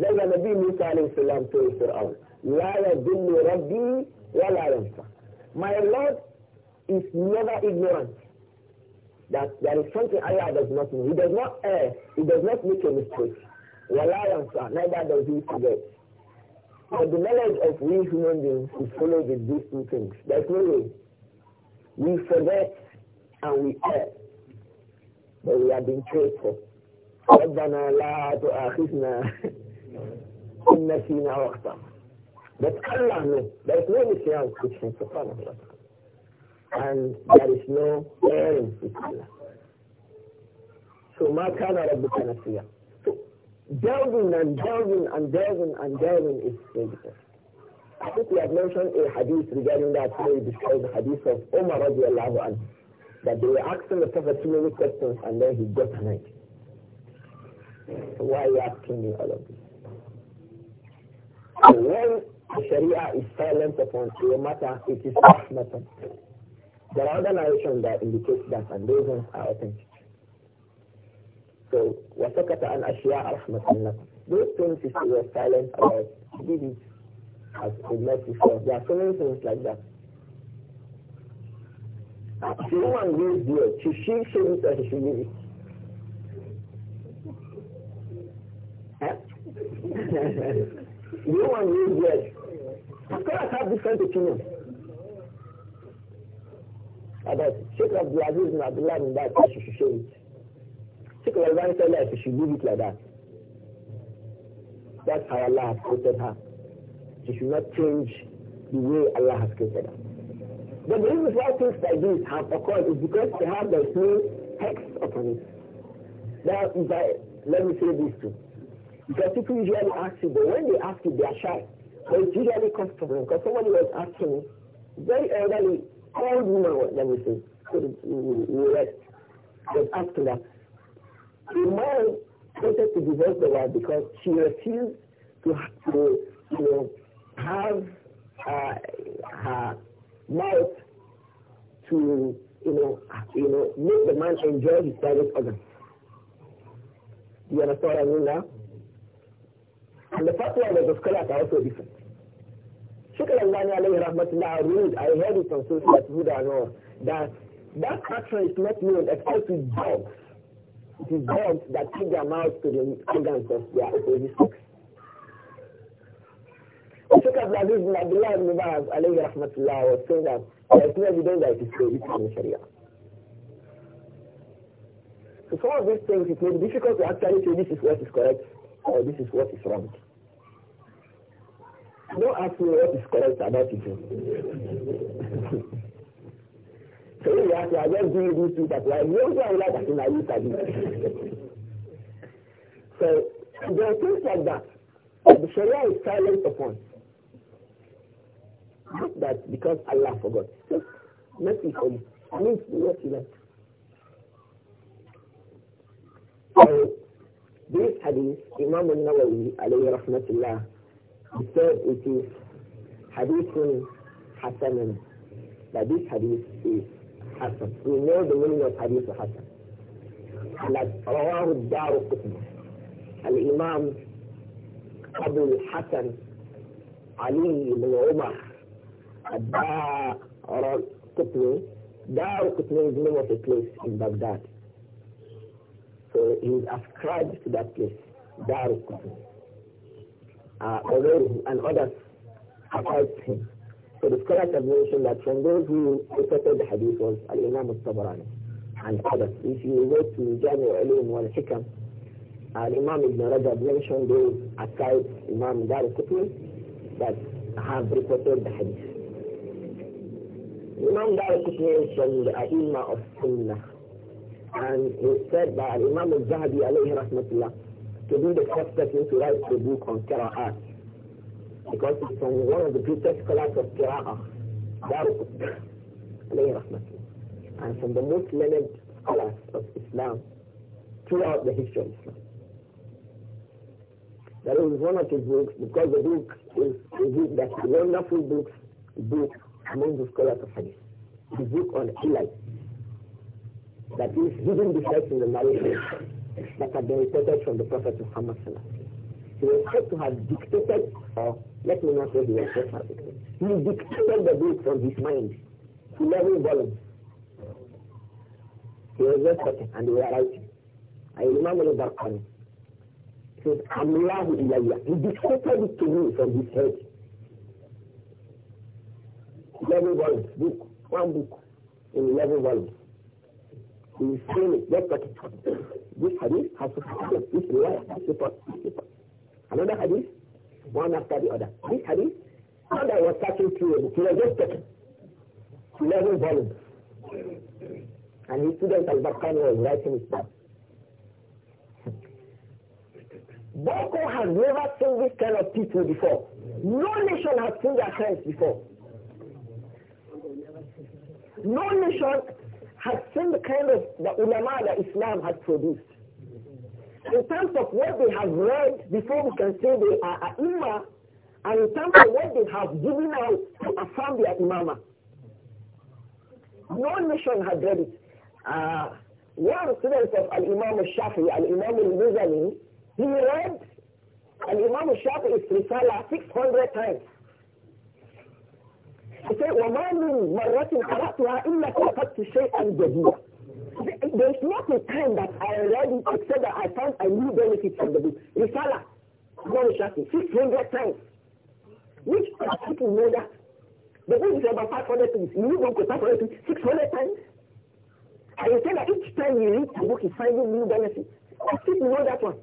Speaker 1: لما نبي موسى عليه السلام told Fir'aun, لا يضل wa la ينسى. My Lord is never ignorant that there is something Allah does not know. He does not err. He does not make a mistake. la ينسى. Neither does he forget. But the knowledge of we human beings is followed with these two things. There's no way. We forget and we err. But we have been faithful. ربنا لا تؤاخذنا *laughs* إن نسينا واخطأنا But Allah knows. There is no Messiah with him, subhanAllah. And there is no erring with Allah. So ما كان ربك نسيا. So delving and delving and delving and delving is dangerous. I think we have mentioned a hadith regarding that, where we describe the hadith of Umar radiallahu anhu that they were asking the Prophet too many questions and then he got annoyed. So why are you asking me all of this? So when the Sharia is silent upon a matter, it is not matter. There are other narrations that indicate that and those ones are authentic. So وَسَكَتَ عَنْ ashia رَحْمَةً لَكُمْ Those things if you were silent about. did it as a mercy for. There are so many things like that. If a woman grows beard, should she shave it or *laughs* she should leave it? Huh? the woman grows beard. have different opinions about Sheikh Abdulaziz and Abdullah in that she should shave it. sheik up the said that she should leave it like that. That's how Allah has created her. She should not change the way Allah has created her. The reason why things like this have occurred is because they have there is new text upon it. Now, if I, let me say this too. Because people usually ask you, but when they ask you, they are shy. But it's usually comfortable because somebody was asking me, very elderly, old woman, let me say, could we rest, was asking that. The man wanted to divorce the wife because she refused to, to you know, have uh, her mouth to, you know, you know, make the man enjoy his private organ. Do you understand what I mean now? And the first one of the scholars are also different. Shukr al Al-Albani alayhi rahmatullah ruled, I heard it on social who and that that action is not known except with dogs. It is dogs that take their mouth to the organs of their opposite sex. Sheikh Abdulaziz bin Abdullah alayhi rahmatullah was saying that there is no evidence that it is prohibited in Sharia. So some of these things, it may be difficult to actually say this is what is correct or this is what is wrong. Don't ask me what is correct about it. *laughs* so you have to, I just these two that do I *laughs* in So there are things like that that the Sharia is silent upon. Not that because Allah forgot. Just mercy for you. I mean, mercy left. So, this hadith, Imam al-Nawawi, alayhi rahmatullah, he said it is hadithun hasanun. That this hadith is hasan. We know the meaning of hadith hasan. Like Rawahu Daru Qutma. Al-Imam Abu al-Hasan Ali ibn Umar Dar al-Qutni. Dar al-Qutni is name of a place in Baghdad. So he was ascribed to that place, Dar uh, al-Qutni. and others helped him. So the scholars have mentioned that from those who reported the hadith was Al-Imam al-Tabarani and others. If you go to Jami al-Ilm wal-Hikam, Al-Imam Ibn Rajab mentioned those aside Imam Dar al-Qutni that have reported the hadith. Imam Malik was from the Aima of Sunnah. And he said that Imam al-Zahabi alayhi rahmatullah to be the first person to write the book on Qira'at. Because it's from one of the greatest scholars of Qira'ah, Daruk alayhi rahmatullah. And from the most learned scholars of Islam throughout the history of Islam. That is one of his books because the book is a book that's a wonderful book, book among the scholars of hadith. The book on Hilal, that is hidden besides in the narration that had been reported from the Prophet Muhammad He was said to have dictated, or let me not say he was said to have dictated. He dictated the book from his mind, 11 volumes. He was just talking, and they were writing. I remember the Barqani. He says, Amlahu ilayya. He dictated it to me from his head. 11 volumes, book, one book in 11 volumes. He is saying it, let's This hadith has to happen, this riwayah has to support happen. Another hadith, one after the other. This hadith, and I was talking to him, he was just talking. 11 volumes. And his student Al-Bakani was writing his book. Boko has never seen this kind of people before. No nation has seen their friends before. No nation has seen the kind of the ulama that Islam has produced. In terms of what they have read before we can say they are ai and in terms of what they have given out to affirm their imama. No nation has read it. Uh, one student of Al-Imam al-Shafi, Al-Imam al-Muzani, he read Al-Imam al-Shafi's Risala 600 times. He said, وَمَا مِنْ مَرَّةٍ to إِلَّا فَقَدْتُ شَيْئًا جَدِيدًا There's not a time that I already except that I found a new benefit from the book. Risala, Imam Shafi, 600 times. Which people know that? The book is about 500 pages. You read one 500 pages 600 times. And you say that each time you read a book, you find a new benefit. How people know that one?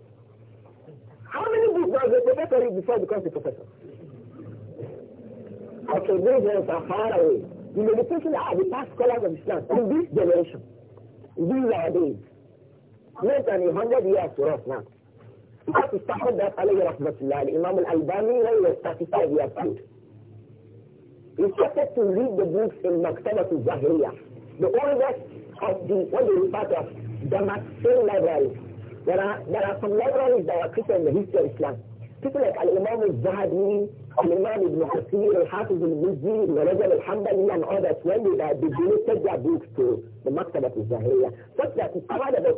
Speaker 1: How many books does the professor read before he becomes a professor? Okay, those are far away. the people are the past scholars of Islam in this generation. These are days. more than a hundred years for us now. Because start with that alayhi rahmatullah, Imam al-Albani when he was 35 years old. He started to read the books in Maktabat al-Zahriya, the oldest of the, what you refer the as Damascene There are, there are some libraries that are created in the history of Islam. People like Al-Imam al-Zahabi, Imam Ibn Kathir, Al-Hafiz the Rajab al-Hambali and others, when they uh, donated their books to the Maktabat al-Zahiriya, such that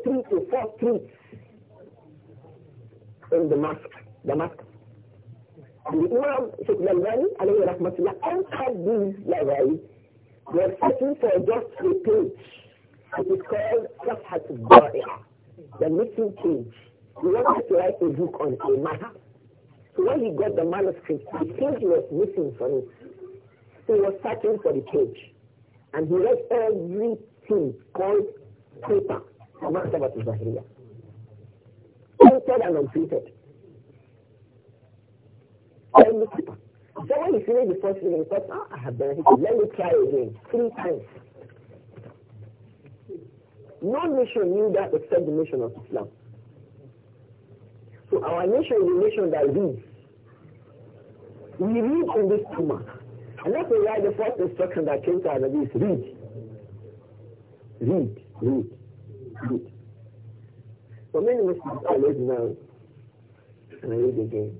Speaker 1: three to four streets in the mosque, the mosque. And the Imam Sheikh Lalwani, alayhi rahmatullah, entered these they were searching for just a page. It is called Safhat al-Bari'ah, the missing page. He wanted to write a book on a matter. So when he got the manuscript, the page was missing for him. So he was searching for the page. And he read everything called paper from Sabbath Zahiriya. Printed and unprinted. Every paper. So when he finished the first reading, he thought, ah, I have it. Let me try again. Three times. No nation knew that except the nation of Islam. So our nation is a nation that lives, We read in this Ummah. And that's why the first instruction that came to our is read. Read, read, read. For so many Muslims, I read now, and I read again.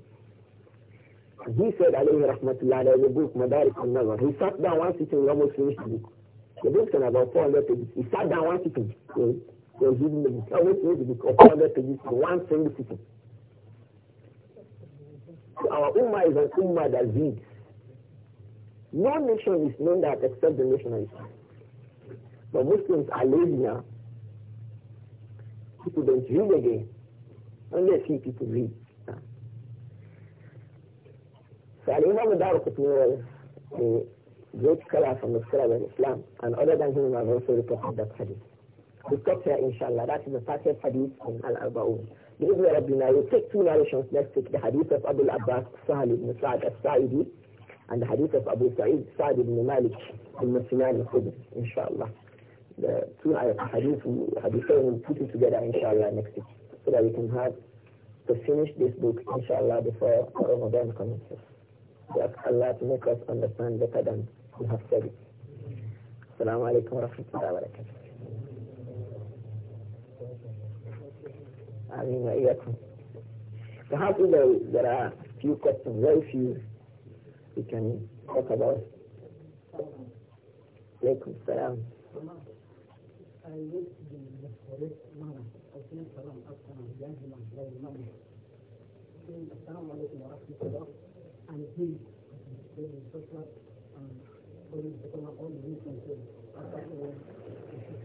Speaker 1: And he said, alayhi rahmatullah, the a book, Madarik al-Nazar. He sat down one sitting, he almost finished the book. The book can about 400 pages. He sat down one sitting. He was reading the book. Almost finished the book of 400 pages in one single sitting. Our Ummah is an Ummah that No nation is known that except the nation of Islam. But Muslims are lazy now. People don't read again. Only a few people read. So Al-Imam Dar was the great scholar from the scholar of Islam, and other than him, I've also reported that hadith. We stop here, inshallah. That is the first hadith in Al-Arba'un. بإذن ربنا we take two narrations next week the hadith of Abu Abbas Sahal ibn Sa'ad al-Sa'idi and the hadith of Abu Sa'id Sa'ad ibn Malik al-Masnan al-Khudri inshallah the two hadith hadith will put it together inshallah next week so that we can have to finish this book inshallah before Ramadan commences we ask Allah to make us understand better than we have said it Assalamu alaikum wa rahmatullahi آمين So, Perhaps if there are few questions, very few, we can talk about. Thank you, I went to the I said assalam, alaikum rahmatullah. And he, and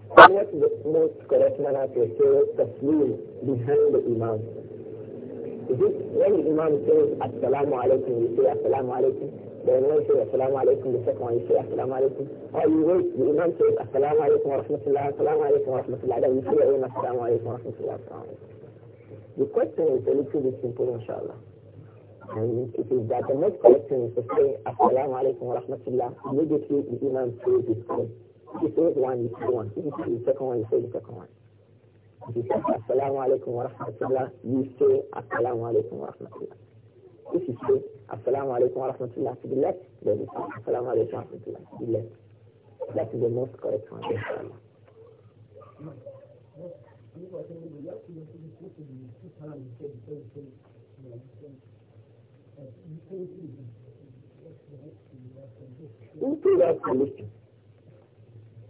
Speaker 1: and what is the most correct manner to say taslim behind the Imam? Is it when the Imam says Assalamu alaikum, you say Assalamu alaikum? Then when you say Assalamu alaikum, the second one you say Assalamu alaikum? Or you wait, the Imam says Assalamu alaikum wa rahmatullah, Assalamu alaikum wa rahmatullah, then you say your Assalamu alaikum wa rahmatullah, The question is a little bit simple, inshallah. And it is that the next question is to say Assalamu alaikum wa rahmatullah, immediately the Imam says this prayer. You say one, you say one. You the second one, you say the second one. If you say Assalamu alaikum wa rahmatullah, you say Assalamu alaikum wa rahmatullah. If you say Assalamu alaikum wa rahmatullah to the left, then you say Assalamu alaikum wa rahmatullah to the left. That is the most correct one, inshallah.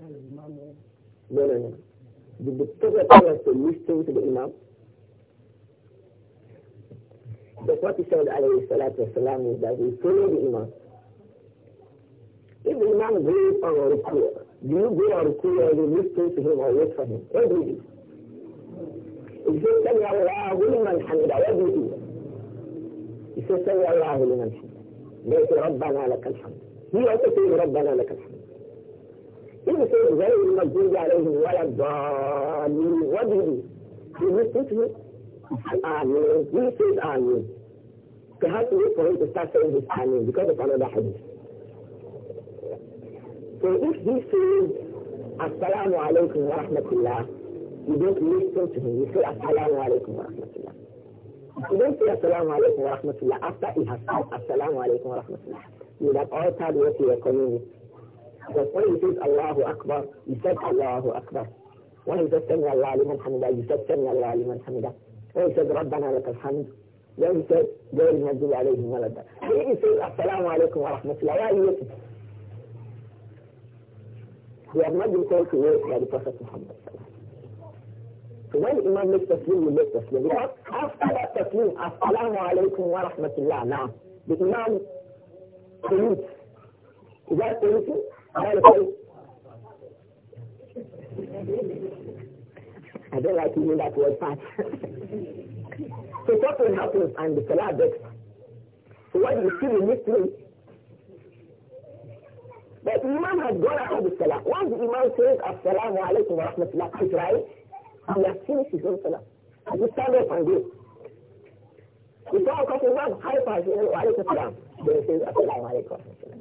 Speaker 1: لا لا لا دي بتتغطى تلوش تلوش بالإمام بسوات الشهد عليه الصلاة والسلام يبدأ يتلو بالإمام إذا الإمام غير أو ركوع دي غير ركوع اللي مستوى تهم أو يتفهم يدري يسوي الله لمن حمد يدري الله لمن حمد ربنا لك الحمد هي تسوي ربنا لك الحمد If you say very magdubi alayhim wala dhalin, what do you do? Do you put him? Amin. He says Amin. So how to wait him to start saying his Amin ah, because of another hadith. So if he says Assalamu alaikum wa rahmatullah, you don't listen to him. You say Assalamu alaikum wa rahmatullah. You don't say Assalamu alaikum wa rahmatullah after he has said Assalamu alaykum wa rahmatullah. You have altered what you were coming with. وقل يقول الله أكبر يسد الله أكبر ويسدني الله لمن حمده يسدني الله لمن حمده ويسد ربنا لك الحمد ويسد دور النبي عليه ولد ويسد السلام عليكم ورحمة الله يا يسد هو المجد يقول في ويسد محمد صلى الله عليه فمن الإمام ليس تسليم وليس تسليم أفضل التسليم السلام عليكم ورحمة الله نعم بإمام قلوت إذا قلوت I don't like using that word fast. so something happens and the salah breaks. So what do you see in this room? But the Imam has gone ahead of Salah. Once the Imam says, Assalamu alaikum wa rahmatullah, he's right. He has finished his own Salah. And he stand up and go. Before I come to Imam, hi, Fajr, wa alaikum salam. Then he says, Assalamu alaikum wa rahmatullah.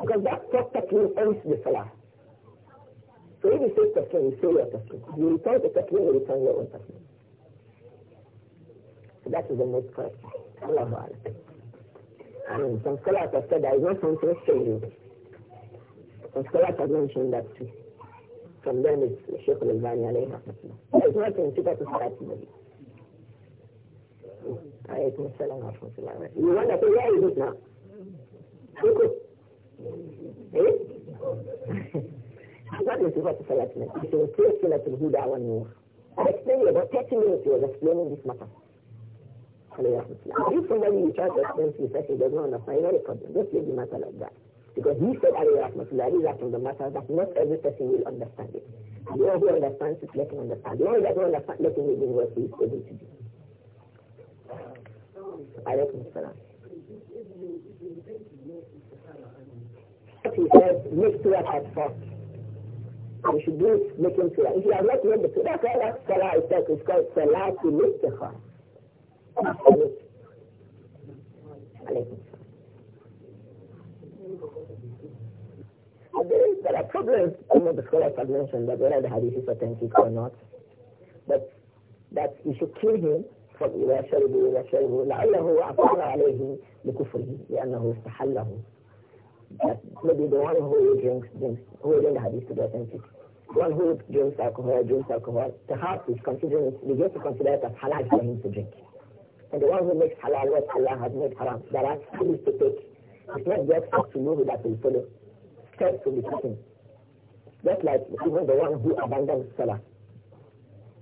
Speaker 1: Because that taking ends the salah. So if you say taking, you say your taking. You return the taking, you return your own taking. So that is the most correct. Allah Akbar. I mean, some scholars have said there is no something changing. Some scholars have mentioned that too. From them it's Sheikh al-Albani alayhi There is nothing to that not today. عليكم السلام ورحمة الله وبركاته. You wonder, where is it now? What is Sifat Salatul? It's a replace Salatul Huda wa Nur. I explained about 30 minutes he was explaining this matter. If somebody you try to explain to such he does not understand, very problem. Just leave the matter like that. Because he said alayhi rahmatullah, these are from the matter, that not every person will understand it. The one who understands it, let him understand. The one who doesn't understand, let him do what he is able to do. I don't understand. He said, make prayer at first. We should do it him prayer. If you have not made the that's that salah is called, it's called salah to make the heart. There, is, there are problems, some of the scholars have mentioned that whether the hadith is authentic or not, but that you should kill him فإذا شربوا إلى شيء لعله أعطانا عليه بكفره لأنه استحله But maybe the one who drinks, drinks, who didn't have to be authentic. One who drinks alcohol, drinks alcohol, perhaps is considering it, begins to consider it as halal for him to drink. And the one who makes halal what Allah has made haram, there are things to take. It's not just up to you that will follow. Steps will be taken. Just like even the one who abandons Salah.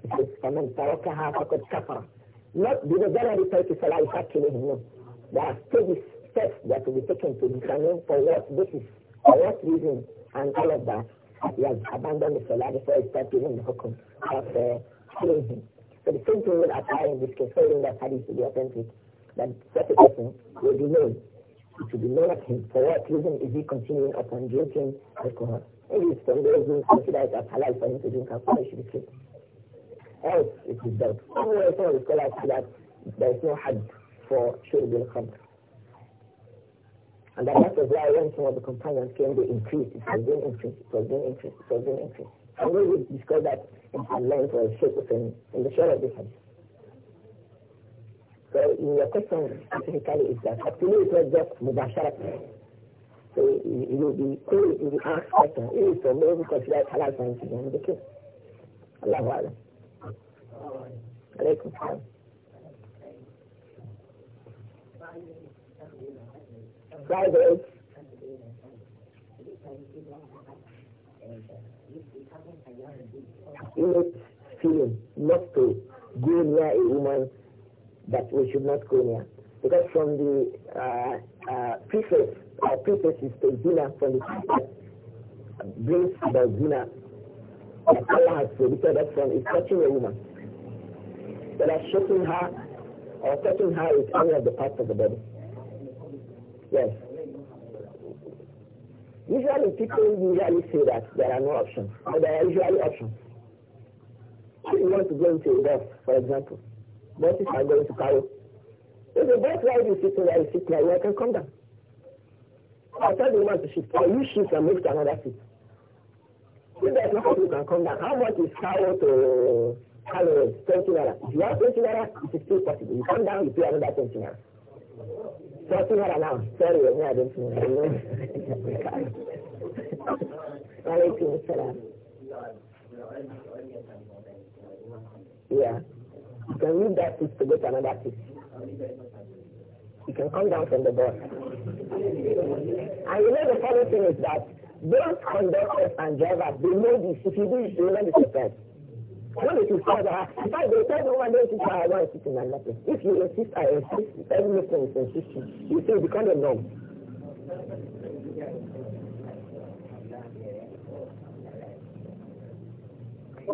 Speaker 1: It says, فَمَنْ تَرَكَهَا فَقَدْ كَفَرَ Not do the general refer to Salah al-Hakim no. There are stages, steps that will be taken to determine for what is, for what reason, and all of that. He has abandoned the Salah before he started giving the hukum of uh, killing him. So the same thing will apply in this case, holding that hadith to be authentic, that such a person will be known. It will be known of him. For what reason is he continuing upon drinking alcohol? Maybe it's from those who consider it as halal for him to drink alcohol, he should be killed else it is done. Somewhere some of that there is no had for Shurbil Khamr. And that is why when some of the companions came, they increased. It was being increased. It was being increased. It was being increased. And we will discuss that in some length or shape in, in the shadow of this hadith. So in your question specifically is that actually it was just mubasharat. So you will be cool, you will be asked question. It is for me because you are halal and the king. Allahu Alam. Alaikum salam. Private. It feeling not to go near a woman that we should not go near. Because from the uh, uh, preface, uh, preface is to zina, from the preface, brings about zina. Allah has prohibited us from touching a woman. That are shaking her or touching her with any of the parts of the body. Yes. Usually people usually say that there are no options, but there are usually options. If you want to go into a bus, for example, buses are going to Cairo. If the bus ride is sitting there, you sit there, you can come down. i tell the woman to shift, or you shift and move to another seat. If there's no hope you can come down, how much is Cairo to Hello, 20 naira. If you want 20 naira, it is still possible. You come down, you pay another 20 naira. 40 naira now. Sorry, I don't know. Walaikum *laughs* salam. Yeah. You can leave that piece to go to another piece. You can come down from the bus. And you know the funny thing is that those conductors and drivers, they know this. If you do it, they will not be surprised. When it is said, in fact, they said no one day teach her one sitting and nothing. If you insist, I insist, every Muslim is insisting. You see, say become a norm.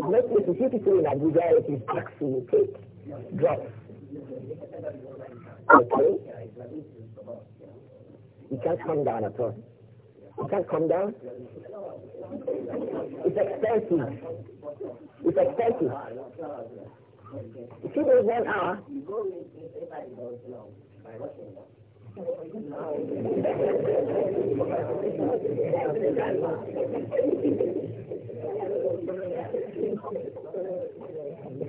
Speaker 1: Let's say to see people in Abuja, it is taxi, take, drop. Okay? You can't come down at all. You can't come down. It's expensive. It's expensive. If you do not one hour,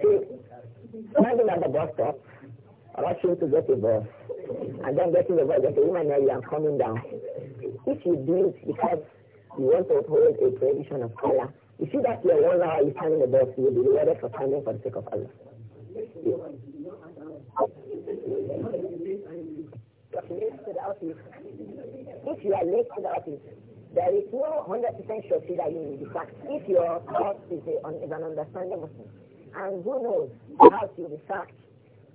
Speaker 1: See, imagine at the bus stop, rushing to get a bus and then getting the bus and saying, woman, you are coming down. If you do it because you want to uphold a tradition of Allah, you see that your one hour you stand the bus, you will be rewarded for standing for the sake of Allah. Yeah. If you are late to the office, there is no 100% surety that you will be sacked. If your boss is, a, is an understanding Muslim, and who knows, how you'll be sacked